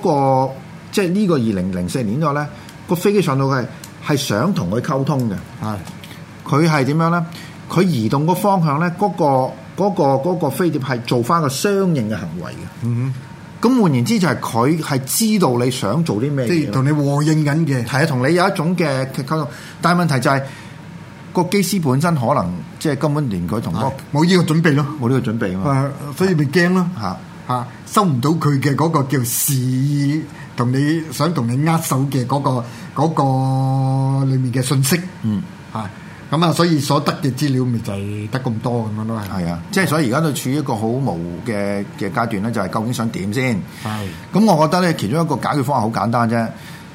Speaker 1: 個即係呢個二零零四年咗咧，個飛機上到去係想同佢溝通嘅。係佢係點樣咧？佢移動個方向咧，嗰個嗰個嗰個飛碟係做翻個相應嘅行為嘅。
Speaker 3: 嗯
Speaker 1: 哼。咁換言之就係佢係知道你想做啲咩嘅。即係同你和應緊嘅。係啊，同你有一種嘅溝通。但係問題
Speaker 2: 就係個機師本身可能即係根本連佢同冇呢個準備咯，冇呢個準備啊嘛。所以咪驚咯。嚇！嚇，收唔到佢嘅嗰個叫示意，同你想同你握手嘅嗰、嗰個嗰裏、嗰個、面嘅信息。嗯。嚇咁啊，所以所得嘅資料咪就係得咁多咁樣咯。係啊，即係、嗯、所以而家
Speaker 1: 都處於一個好模糊嘅嘅階段咧，就係、係、究竟想點先？係。咁我覺得咧，其中一個解決方案好簡單啫，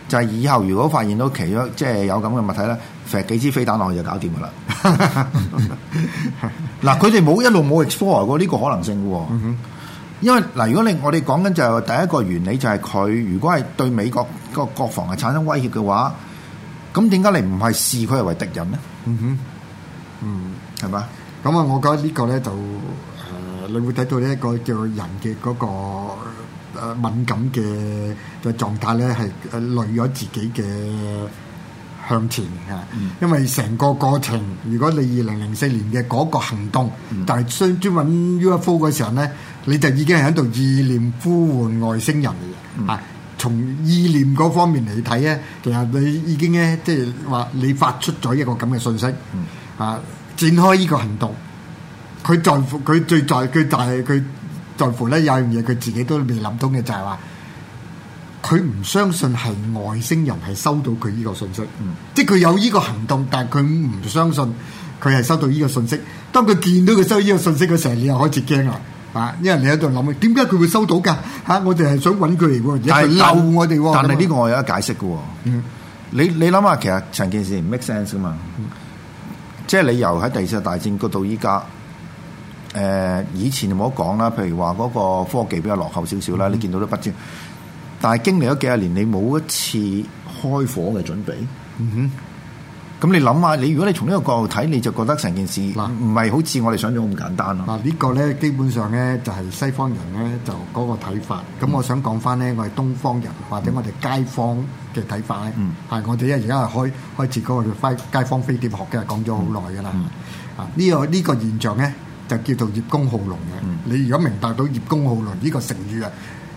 Speaker 1: 就係、係、以後如果發現到其咗即係有咁嘅物體咧，射幾支飛彈落去就搞掂噶啦。嗱，佢哋冇一路冇 explore 過呢、呢個可能性嘅喎。嗯哼。因為嗱，如果你我哋講緊就第一個原理就係佢如果係對美國個國防係產生威脅嘅話，咁點解你唔係視佢係為敵人呢？嗯哼，嗯，
Speaker 2: 係嘛？咁啊，我覺得個呢個咧就誒、呃，你會睇到呢一個叫人嘅嗰個敏感嘅嘅狀態咧，係累咗自己嘅向前嚇，嗯、因為成個過程，如果你二零零四年嘅嗰個行動，嗯、但係專專揾 UFO 嘅時候咧。你就已經係喺度意念呼喚外星人嚟嘅，嗯、啊！從意念嗰方面嚟睇咧，其實你已經咧，即係話你發出咗一個咁嘅信息，啊！展開呢個行動，佢在乎，佢最在佢但係佢在乎咧有樣嘢佢自己都未諗通嘅就係話，佢唔相信係外星人係收到佢呢個信息，嗯、即係佢有呢個行動，但係佢唔相信佢係收到呢個信息。當佢見到佢收呢個信息嘅時候，你又開始驚啦。因為你喺度諗嘅，點解佢會收到㗎？嚇、啊！我哋係想揾佢嚟喎，係鬧是我哋、啊。但係呢
Speaker 1: 個我有得解釋嘅、啊。嗯、mm
Speaker 2: hmm.，
Speaker 1: 你你諗下，其實成件事唔 make sense 啊嘛。Mm hmm. 即係你由喺第二次大戰過到依家。誒、呃，以前冇得講啦。譬如話嗰個科技比較落後少少啦，mm hmm. 你見到都不知。但係經歷咗幾十年，你冇一次開火嘅準備。
Speaker 3: 哼、mm。Hmm.
Speaker 1: 咁你諗下，你如果你從呢個角度睇，你就覺得成件事唔係好似我哋想像咁簡單咯。嗱呢個咧
Speaker 2: 基本上咧就係西方人咧就嗰個睇法。咁我想講翻咧，我係東方人或者我哋街坊嘅睇法咧。嗯。係我哋一而家係開開設開開始嗰個飛街坊飛碟學嘅，講咗好耐㗎啦。嗯。啊呢個呢個現象咧就叫做葉公好龍嘅。嗯。你如果明白到葉公好龍呢個成語啊，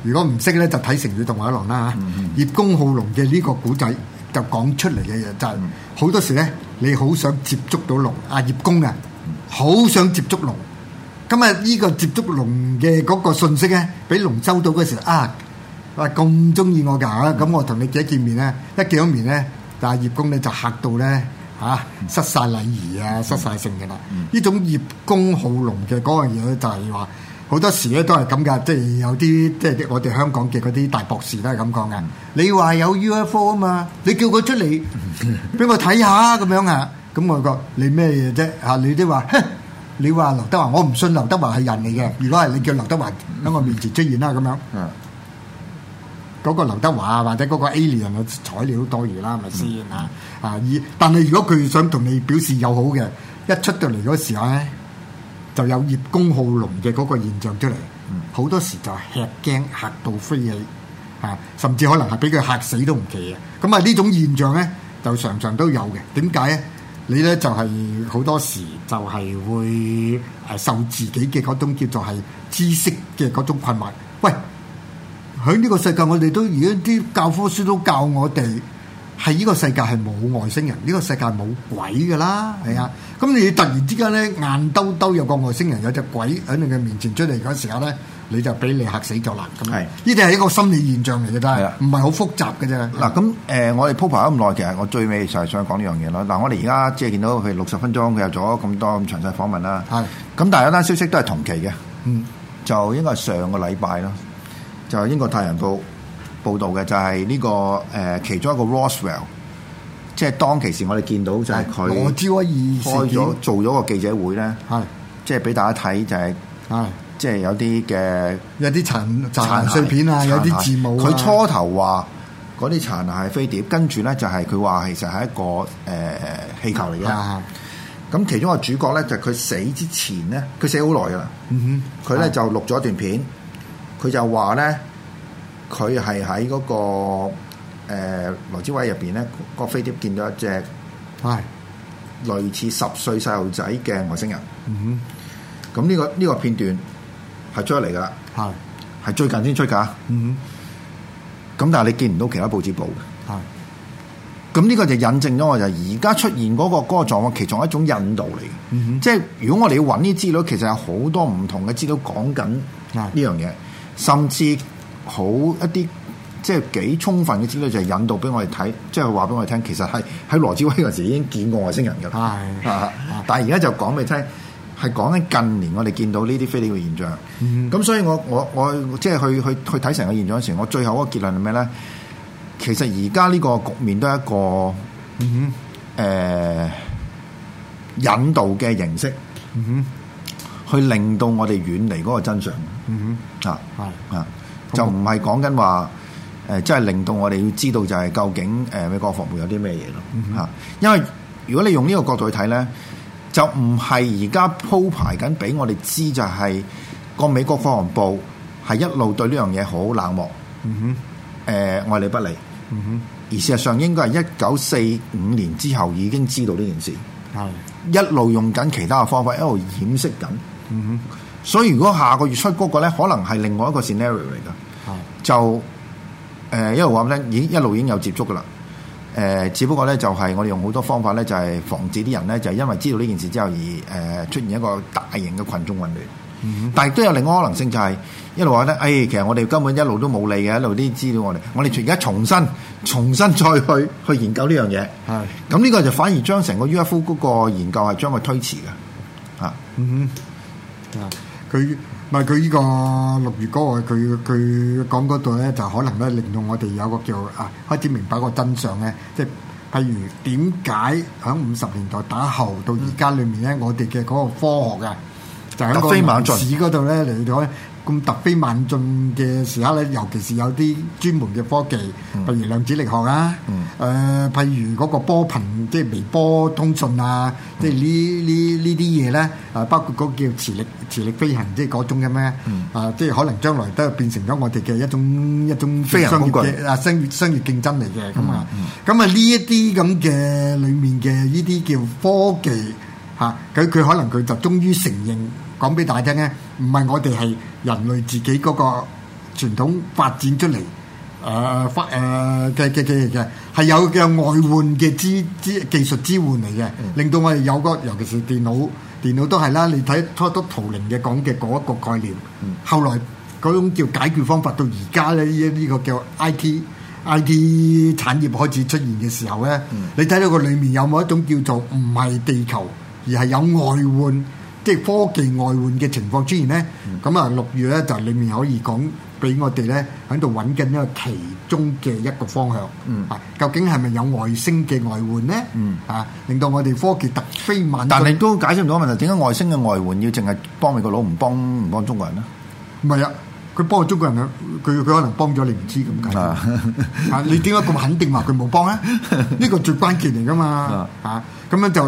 Speaker 2: 如果唔識咧就睇成語動畫廊啦嚇。嗯嗯。葉公好龍嘅呢個古仔。就講出嚟嘅嘢就係好多時咧，你好想接觸到龍阿葉公啊，好想接觸龍。今日呢個接觸龍嘅嗰個信息咧，俾龍收到嗰時啊，話咁中意我㗎，咁我同你幾日見面咧，一見到面咧，但係葉公咧就嚇到咧嚇，失曬禮儀啊，失曬性㗎啦！呢種葉公好龍嘅嗰樣嘢咧就係話。好多時咧都係咁噶，即係有啲即係我哋香港嘅嗰啲大博士都係咁講噶。你話有 UFO 啊嘛？你叫佢出嚟，俾我睇下咁樣啊？咁我覺你咩嘢啫？嚇！你都話，你話、那個、劉德華，我唔信劉德華係人嚟嘅。如果係你叫劉德華喺我面前出現啦，咁樣。嗯。嗰個劉德華或者嗰個 alien 嘅材料多餘啦，咪先嚇嚇。 但係如果佢想同你表示友好嘅，一出到嚟嗰時候咧。就有葉公好龍嘅嗰個現象出嚟，好、嗯、多時就吃驚嚇到飛起，啊，甚至可能係俾佢嚇死都唔奇啊！咁啊，呢種現象呢，就常常都有嘅。點解呢？你呢，就係、是、好多時就係會誒、啊、受自己嘅嗰種叫做係知識嘅嗰種困惑。喂，喺呢個世界我，我哋都而家啲教科書都教我哋，係呢個世界係冇外星人，呢、這個世界冇鬼噶啦，係啊！咁、嗯、你突然之間咧，硬兜兜有個外星人，有隻鬼喺你嘅面前出嚟嗰陣時刻咧，你就俾你嚇死咗啦咁樣。呢啲係一個心理現象嚟嘅，都係唔係好複雜嘅啫。嗱咁誒，我哋鋪排
Speaker 1: 咁耐，其實我最尾就係想講呢樣嘢咯。嗱，我哋而家即係見到佢六十分鐘，佢有咗咁多咁詳細訪問啦。係。咁但係有單消息都係同期嘅。嗯。就應該係上個禮拜啦。就英國《太陽報》。報道嘅就係呢、這個誒、呃、其中一個 Roswell，即係當其時我哋見到就係佢我朝
Speaker 2: 一開咗
Speaker 1: 做咗個記者會咧，係的即係俾大家睇就係、是、係的即係有啲嘅
Speaker 2: 有啲殘殘碎片啊，色色有啲字幕、啊。佢初頭
Speaker 1: 話嗰啲殘係飛碟，的跟住咧就係佢話其實係一個誒、呃、氣球嚟嘅。咁的其中個主角咧就佢、是、死之前咧，佢死好耐㗎啦。哼了，佢咧、嗯、就錄咗一段片，佢就話咧。佢係喺嗰個誒羅志偉入邊咧，個飛碟見到一隻係類似十歲細路仔嘅外星人。嗯咁呢個呢個片段係出嚟噶啦，係係、mm hmm. 最近先出㗎。嗯咁、
Speaker 3: mm
Speaker 1: hmm. 但係你見唔到其他報紙報。係、mm，咁、hmm. 呢個就引證咗我就而家出現嗰個嗰個狀況，其中一種印度嚟嘅。Mm hmm. 即係如果我哋要揾啲資料，其實有好多唔同嘅資料講緊呢樣嘢，mm hmm. 甚至。好一啲，即係幾充分嘅資料，就係、是、引導俾我哋睇，即係話俾我哋聽，其實係喺羅志威嗰時已經見過外星人噶啦。 但係而家就講俾你聽，係講緊近年我哋見到呢啲非理嘅現象。咁、嗯、所以我我我即係去去去睇成個現象嘅時候，我最後一個結論係咩咧？其實而家呢個局面都係一個，誒、嗯
Speaker 3: 哼
Speaker 1: 呃，引導嘅形式，嗯、哼去令到我哋遠離嗰個真相，嗯、哼啊，啊。就唔係講緊話，誒、呃，即係令到我哋要知道，就係究竟誒、呃、美國國防部有啲咩嘢咯？嚇、嗯哼，因為如果你用呢個角度去睇咧，就唔係而家鋪排緊俾我哋知，就係個美國國防部係一路對呢樣嘢好冷漠。嗯哼，誒、呃，愛理不理。嗯哼，而事實上應該係一九四五年之後已經知道呢件事，係一路用緊其他嘅方法一路掩飾緊。嗯哼。所以如果下個月出嗰個咧，可能係另外一個 scenario 嚟噶，的就誒、呃、一路話咧，已經一路已經有接觸噶啦。誒、呃，只不過咧就係、是、我哋用好多方法咧，就係、是、防止啲人咧，就是、因為知道呢件事之後而誒、呃、出現一個大型嘅群眾混亂。嗯哼，但係都有另外一個可能性就係、是、一路話咧，誒、哎，其實我哋根本一路都冇理嘅，一路啲資料我哋，我哋而家重新、重新再去去研究呢樣嘢。係的，咁呢個就反而將成個 UFO 嗰個研究係將佢推遲嘅。
Speaker 2: 啊、嗯，佢唔係，佢依個六月歌佢佢講嗰度咧，就可能咧令到我哋有個叫啊，開始明白個真相咧，即係譬如點解喺五十年代打後到而家裏面咧，嗯、我哋嘅嗰個科學嘅就喺個飛馬座市嗰度咧嚟到咧。咁突飛猛進嘅時候咧，尤其是有啲專門嘅科技，嗯、譬如量子力學啊，誒、嗯呃，譬如嗰個波頻，即係微波通訊啊，即係呢呢呢啲嘢咧，啊、嗯，包括嗰個叫磁力磁力飛行，即係嗰種嘅咩、嗯、啊，即係可能將來都變成咗我哋嘅一,一種一種商業嘅啊，商業商業競爭嚟嘅咁啊，咁啊呢一啲咁嘅裡面嘅呢啲叫科技嚇，咁佢可能佢就終於承認。講俾大家聽咧，唔係我哋係人類自己嗰個傳統發展出嚟，誒、呃、發誒嘅嘅嘅嘅，係、呃、有嘅外援嘅支支技術支援嚟嘅，嗯、令到我哋有個，尤其是電腦，電腦都係啦。你睇初初圖靈嘅講嘅嗰一個概念，嗯、後來嗰種叫解決方法到而家咧，呢、這、呢個叫 I T I T 產業開始出現嘅時候咧，嗯、你睇到個裡面有冇一種叫做唔係地球，而係有外援。即係科技外援嘅情況，自然咧，咁啊六月咧就裏面可以講，俾我哋咧喺度揾緊一個其中嘅一個方向。嗯、啊，究竟係咪有外星嘅外援咧？嗯，啊，令到我哋科技突飛猛進。但係都
Speaker 1: 解釋唔到個問題，點解外星嘅外援要淨係幫美國佬，唔幫唔
Speaker 2: 幫中國人咧？唔係啊，佢幫中國人啊，佢佢可能幫咗你唔知咁解啊？ 你點解咁肯定話佢冇幫咧？幫呢 個最關鍵嚟噶嘛？啊！咁樣就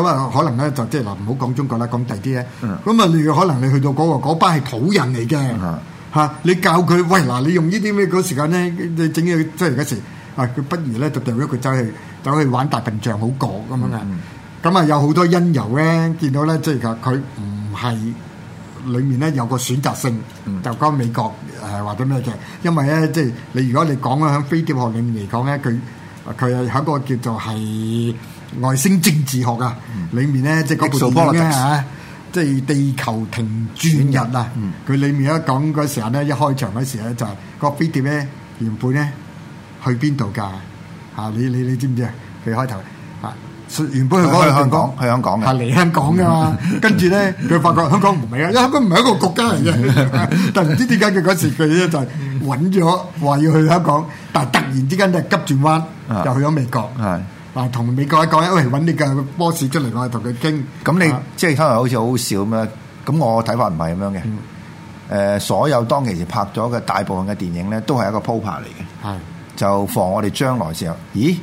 Speaker 2: 咁啊，可能咧就即係嗱，唔好講中國啦。講第啲咧，咁啊、mm，hmm. 你可能你去到嗰、嗰個嗰、嗰個、班係土人嚟嘅嚇，mm hmm. 你教佢喂嗱，你用呢啲咩嗰時間咧，你整嘢即係嗰時啊，佢不如咧就代咗佢走去走去玩大笨象好過咁樣啊。
Speaker 3: 咁
Speaker 2: 啊、mm hmm. 有好多因由咧，見到咧即係佢唔係裡面咧有個選擇性，mm hmm. 就講美國誒或者咩嘅，因為咧即係你如果你講咧喺飛碟學裡面嚟講咧，佢佢係一個叫做係。外星政治學啊，裏面咧即係嗰部電影咧即係地球停轉日啊！佢裏、嗯、面一講嗰時咧，一開場嗰時咧就是、個飛碟咧原本咧去邊度㗎？嚇、啊、你你你知唔知啊？佢開頭嚇原本去香港去香港
Speaker 1: 去香港嘅，嚟、啊、香港㗎、啊、嘛。
Speaker 2: 跟住咧佢發覺香港唔係啊， 因為香港唔係一個國家嚟嘅， 但係唔知點解佢嗰時佢咧就揾咗話要去香港，但係突然之間咧急轉彎又去咗美國。 同美國一講你，一嚟揾你嘅波士出嚟，我係同佢傾。咁你即係聽落好似好好笑咁樣。咁我睇法唔係咁樣嘅。
Speaker 1: 誒，所有當其時拍咗嘅大部分嘅電影咧，都係一個鋪排嚟嘅。係是的 就防我哋將來時候，咦？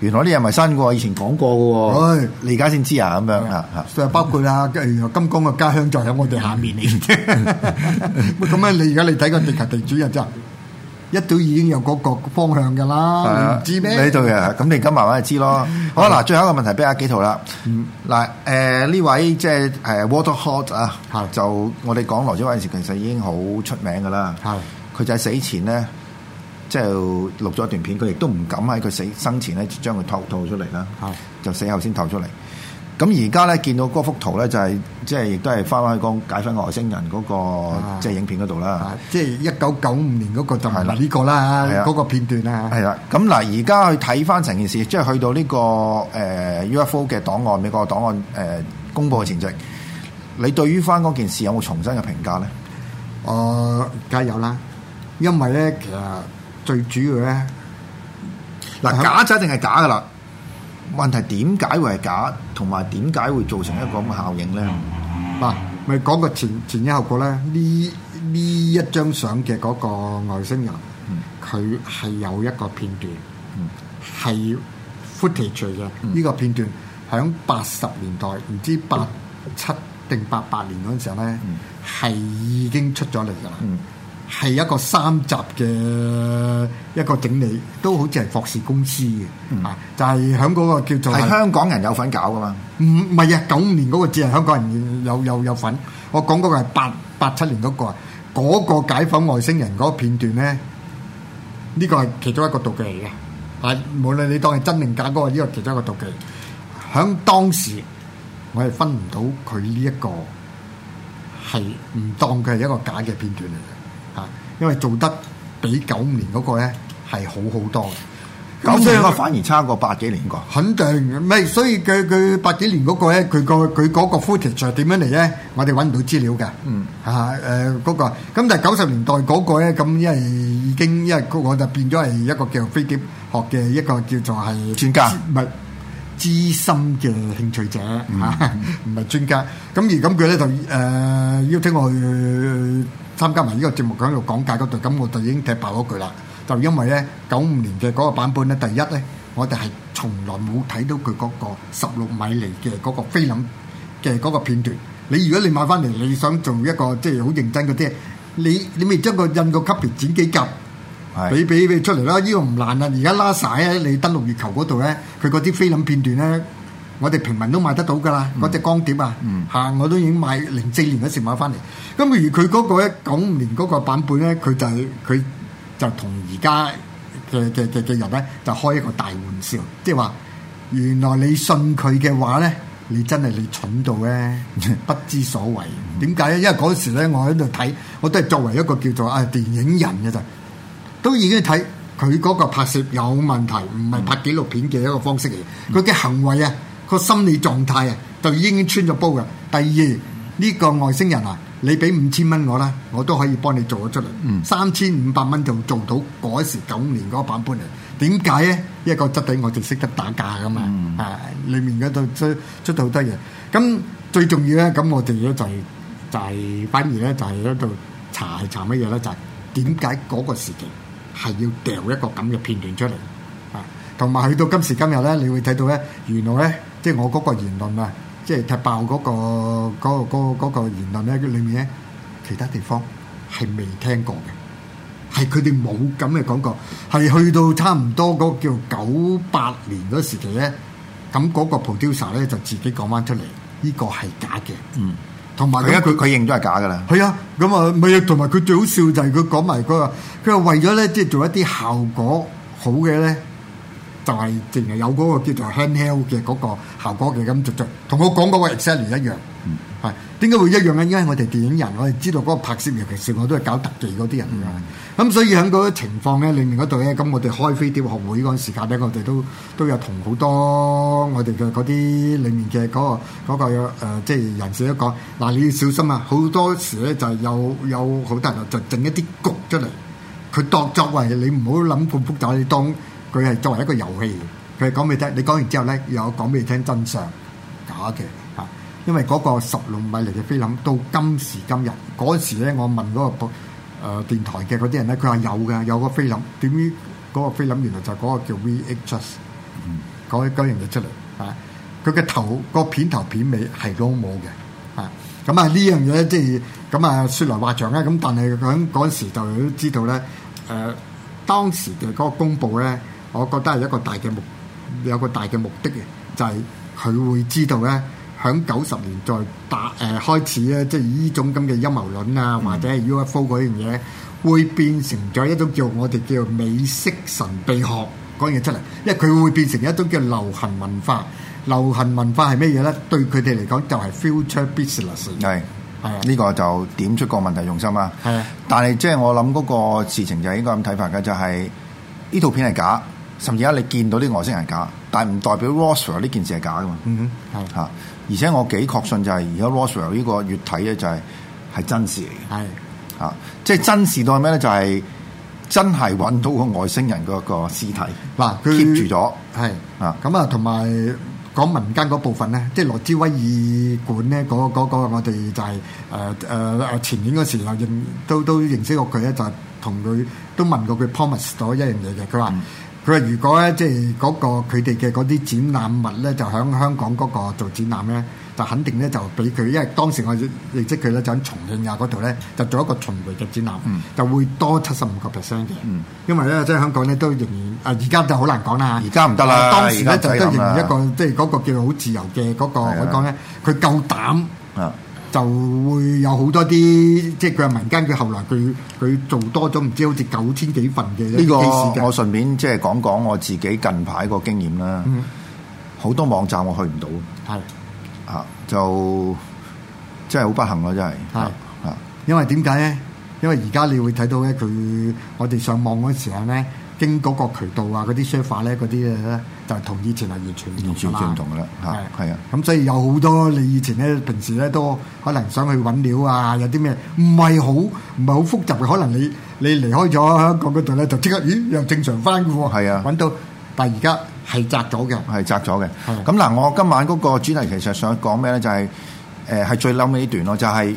Speaker 1: 原來呢又咪新嘅，以前講過嘅是
Speaker 2: 的 你而家先知啊咁樣啊。所以包括啦，金剛嘅家鄉就喺我哋下面嚟。咁樣你而家你睇過地級地主啊，就～一對已經有嗰個方向嘅啦，唔的知咩？呢對
Speaker 1: 嘅，咁 你而家慢慢就知咯。好啦，嗱，最後一個問題，俾阿紀陶啦。嗱、嗯，誒呢、呃、位即係誒 Walter Haut 啊的，就我哋講羅斯威嗰陣時，其實已經好出名嘅啦。係的，佢就喺死前咧，即、就、係、是、錄咗一段片，佢亦都唔敢喺佢死生前咧將佢吐吐出嚟啦。係的， 就死後先吐出嚟。咁而家咧，見到嗰幅圖咧，就係即係亦都係翻翻去講解翻外星人嗰個即係影片嗰度啦。即係一九九五年嗰個就係啦呢個啦，嗰的個片段啦。係啦，咁嗱而家去睇翻成件事，即係去到呢、這個誒、呃、UFO 嘅檔案，美國檔案誒、呃、公佈嘅前夕，你對於翻嗰件事有冇重新嘅評
Speaker 2: 價咧？我梗係有啦，因為咧其實最主要咧嗱、呃、假就一定係假噶啦。問題點解會係假？同埋點解會造成一個咁嘅效應咧？嗱、嗯，咪講個前前因後果咧。呢呢一張相嘅嗰個外星人，佢係、嗯、有一個片段，係 footage 嘅。呢、嗯、個片段喺八十年代，唔知八七定八八年嗰陣時候咧，係、嗯、已經出咗嚟噶啦。嗯係一個三集嘅一個整理，都好似係霍士公司嘅，啊，就係喺嗰個叫做係香港人有份搞噶嘛。唔係啊，九五年嗰個只係香港人有有有份。我講嗰個係八八七年嗰個啊，嗰個解剖外星人嗰個片段咧，呢個係其中一個道具嚟嘅。啊，無論你當係真定假，嗰個呢個其中一個道具。響當時，我係分唔到佢呢一個係唔當佢係一個假嘅片段嚟。因為做得比九五年嗰個咧係好好多嘅，九五年個反而差過百幾年個，肯定唔係。所以佢佢百幾年嗰、那個咧，佢個佢嗰個 footage 點樣嚟咧？我哋揾唔到資料嘅。嗯、啊。嚇誒嗰個，咁但係九十年代嗰、那個咧，咁因為已經因為嗰個就變咗係一,一個叫做飛碟學嘅一個叫做係專家，唔係資深嘅興趣者嚇，唔係專家。咁而咁佢咧就誒邀請我去。呃呃參加埋呢個節目喺度講解嗰度，咁我就已經踢爆嗰句啦。就因為咧九五年嘅嗰個版本咧，第一咧我哋係從來冇睇到佢嗰個十六米釐嘅嗰個菲林嘅嗰個片段。你如果你買翻嚟，你想做一個即係好認真嗰啲，你你咪將個印個級別剪幾夾俾俾俾出嚟啦。呢個唔難啊。而家拉曬咧，你登陸月球嗰度咧，佢嗰啲菲林片段咧。我哋平民都買得到噶啦，嗰隻、嗯、光碟啊嚇、嗯啊，我都已經買零四年嗰時買翻嚟。咁而佢嗰個一九五年嗰個版本咧，佢就佢就同而家嘅嘅嘅嘅人咧，就開一個大玩笑，即係話原來你信佢嘅話咧，你真係你蠢到咧不知所謂。點解咧？因為嗰時咧，我喺度睇，我都係作為一個叫做啊電影人嘅就都已經睇佢嗰個拍攝有問題，唔係拍紀錄片嘅一個方式嚟，佢嘅、嗯、行為啊！個心理狀態啊，就已經穿咗煲噶。第二呢、呢個外星人啊，你俾五千蚊我啦，我都可以幫你做咗出嚟。嗯、三千五百蚊就做到嗰時九年嗰版本嚟。點解呢？一個質地，我哋識得打架噶嘛。嗯、啊，裡面嗰度出出到乜嘢？咁最重要呢，咁我哋咧就係、係、就係、係、反而查查呢，就係喺度查係查乜嘢呢？就係點解嗰個時期係要掉一個咁嘅片段出嚟？啊，同埋去到今時今日呢，你會睇到呢，原來呢。即係我嗰個言論啊，即係踢爆嗰個嗰個嗰個嗰個言論咧，裏面咧其他地方係未聽過嘅，係佢哋冇咁嘅講過，係去到差唔多嗰叫九八年嗰時期咧，咁嗰個 producer 咧就自己講翻出嚟，呢個係假嘅。嗯，同埋佢咧，佢佢認咗係假㗎啦。係啊，咁啊，咪啊，同埋佢最好笑就係佢講埋嗰個，佢係為咗咧即係做一啲效果好嘅咧。就係淨係有嗰個叫做 handheld hand 嘅嗰個效果嘅，咁續續，同我講嗰個 exactly 一樣，係點解會一樣咧？因為我哋電影人，我哋知道嗰個拍攝，尤其是我都係搞特技嗰啲人咁、嗯嗯、所以喺嗰個情況咧，裏面嗰度咧，咁我哋開飛碟學會嗰陣時間咧，我哋都都有同好多我哋嘅嗰啲裡面嘅嗰、嗰個嗰、嗰個呃、即係人士一講嗱，你要小心啊！好多時咧就有有好多人就整一啲局出嚟，佢度作為你唔好諗半窟仔，你當。佢係作為一個遊戲，佢講俾你聽。你講完之後咧，有講俾你聽真相假嘅嚇。因為嗰個十六米嚟嘅菲林到今時今日嗰陣時咧，我問嗰個誒電台嘅嗰啲人咧，佢話有嘅有個菲林。點知嗰個菲林原來就係嗰個叫 VX，嗰嗰樣嘢出嚟嚇。佢、啊、嘅頭、嗰個片頭片尾係老母嘅嚇。咁啊呢樣嘢即係咁啊説來話長咧。咁但係響嗰陣時就都知道咧誒、呃、當時嘅嗰個公佈咧。我覺得係一個大嘅目，有個大嘅目的嘅，就係、是、佢會知道咧，響九十年代打誒開始咧，即係呢種咁嘅陰謀論啊，或者係 UFO 嗰樣嘢，會變成咗一種叫我哋叫美式神秘學嗰樣嘢出嚟，因為佢會變成一種叫流行文化。流行文化係咩嘢咧？對佢哋嚟講就係 future business 是。係
Speaker 1: 係啊，呢個就點出個問題用心啊。係，但係即係我諗嗰個事情就應該咁睇法嘅，就係、是、呢套片係假。甚至家你見到啲外星人假，但係唔代表 Roswell 呢件事係假㗎嘛？嗯哼，嚇、啊！而且我幾確信就係而家 Roswell 呢個月體咧、就是，就係係真事嚟嘅。係嚇是、啊，即係真事到係咩咧？就係、是、真係搵到個外星人個
Speaker 2: 個屍體，嗱，keep 住咗，係啊！咁是啊，同埋是、啊、講民間嗰部分咧，即係羅斯威爾館咧，嗰、那個那個那個我哋就係誒誒誒前年嗰時啊，都都，都認識過佢咧，就係同佢都問過佢 promise 咗一樣嘢嘅，佢話。說佢話如果咧，即係嗰個佢哋嘅嗰啲展覽物咧，就喺香港嗰個做展覽咧，就肯定咧就畀佢，因為當時我認識佢咧就喺重慶啊嗰度咧，就做一個巡迴嘅展覽，嗯、就會多七十五個 percent 嘅，嗯、因為咧即係香港咧都仍然，啊而家就好難講啦，而家唔得啦，當時咧就都仍然一個即係嗰個叫做好自由嘅嗰個海港呢，我講咧佢夠膽。就會有好多啲，即係佢係民間，佢後來佢佢做多咗唔知好似九千幾份嘅呢個，這個，我
Speaker 1: 順便即係講講我自己近排個經驗啦。嗯，好多網站我去唔到。係啊，就真係好不幸咯，真係，啊。係啊，
Speaker 2: 因為點解咧？因為而家你會睇到咧，佢我哋上網嗰陣時咧。經嗰個渠道啊，嗰啲書法咧，嗰啲嘢咧就同以前係完全完全唔同噶
Speaker 1: 啦，嚇
Speaker 2: 係啊！咁所以有好多你以前咧，平時咧都可能想去揾料啊，有啲咩唔係好唔係好複雜嘅，可能你你離開咗香港嗰度咧，就即刻咦又正常翻嘅喎，係啊揾到，但而家係擲咗嘅，係擲咗嘅。咁嗱，我今晚嗰個
Speaker 1: 主題其實想講咩咧，就係誒係最嬲尾一段咯，就係。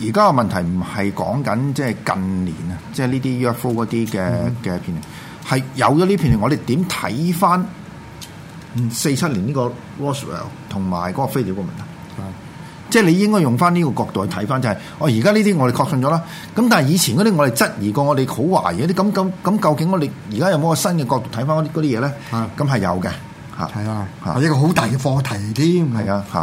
Speaker 1: 而家個問題唔係講緊即係近年啊，即係呢啲 UFO 嗰啲嘅嘅片段，係有咗呢片段，我哋點睇翻四七年呢個 Roswell 同埋嗰個飛碟嗰個問題？即係你應該用翻呢個角度去睇翻，就係我而家呢啲我哋確信咗啦。咁但係以前嗰啲我哋質疑過，我哋好懷疑啲咁咁咁，究竟我哋而家有冇個新嘅角度睇翻嗰啲嘢咧？咁係有嘅嚇，係啊，係一個好大嘅課題添。係啊，嚇，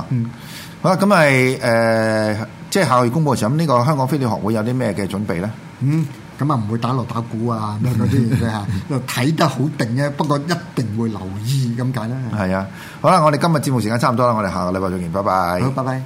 Speaker 1: 好啦，咁咪誒。即係下月公佈嘅時候，呢、這個香港飛鳥學會有啲咩嘅準備咧？嗯，咁啊唔會打鑼打鼓啊咩嗰啲嘢啫吓，睇、啊、 得好定嘅，不過一定會留意咁解啦。係啊，好啦，我哋今日節目時間差唔多啦，我哋下個禮拜再見，拜拜。好，拜拜。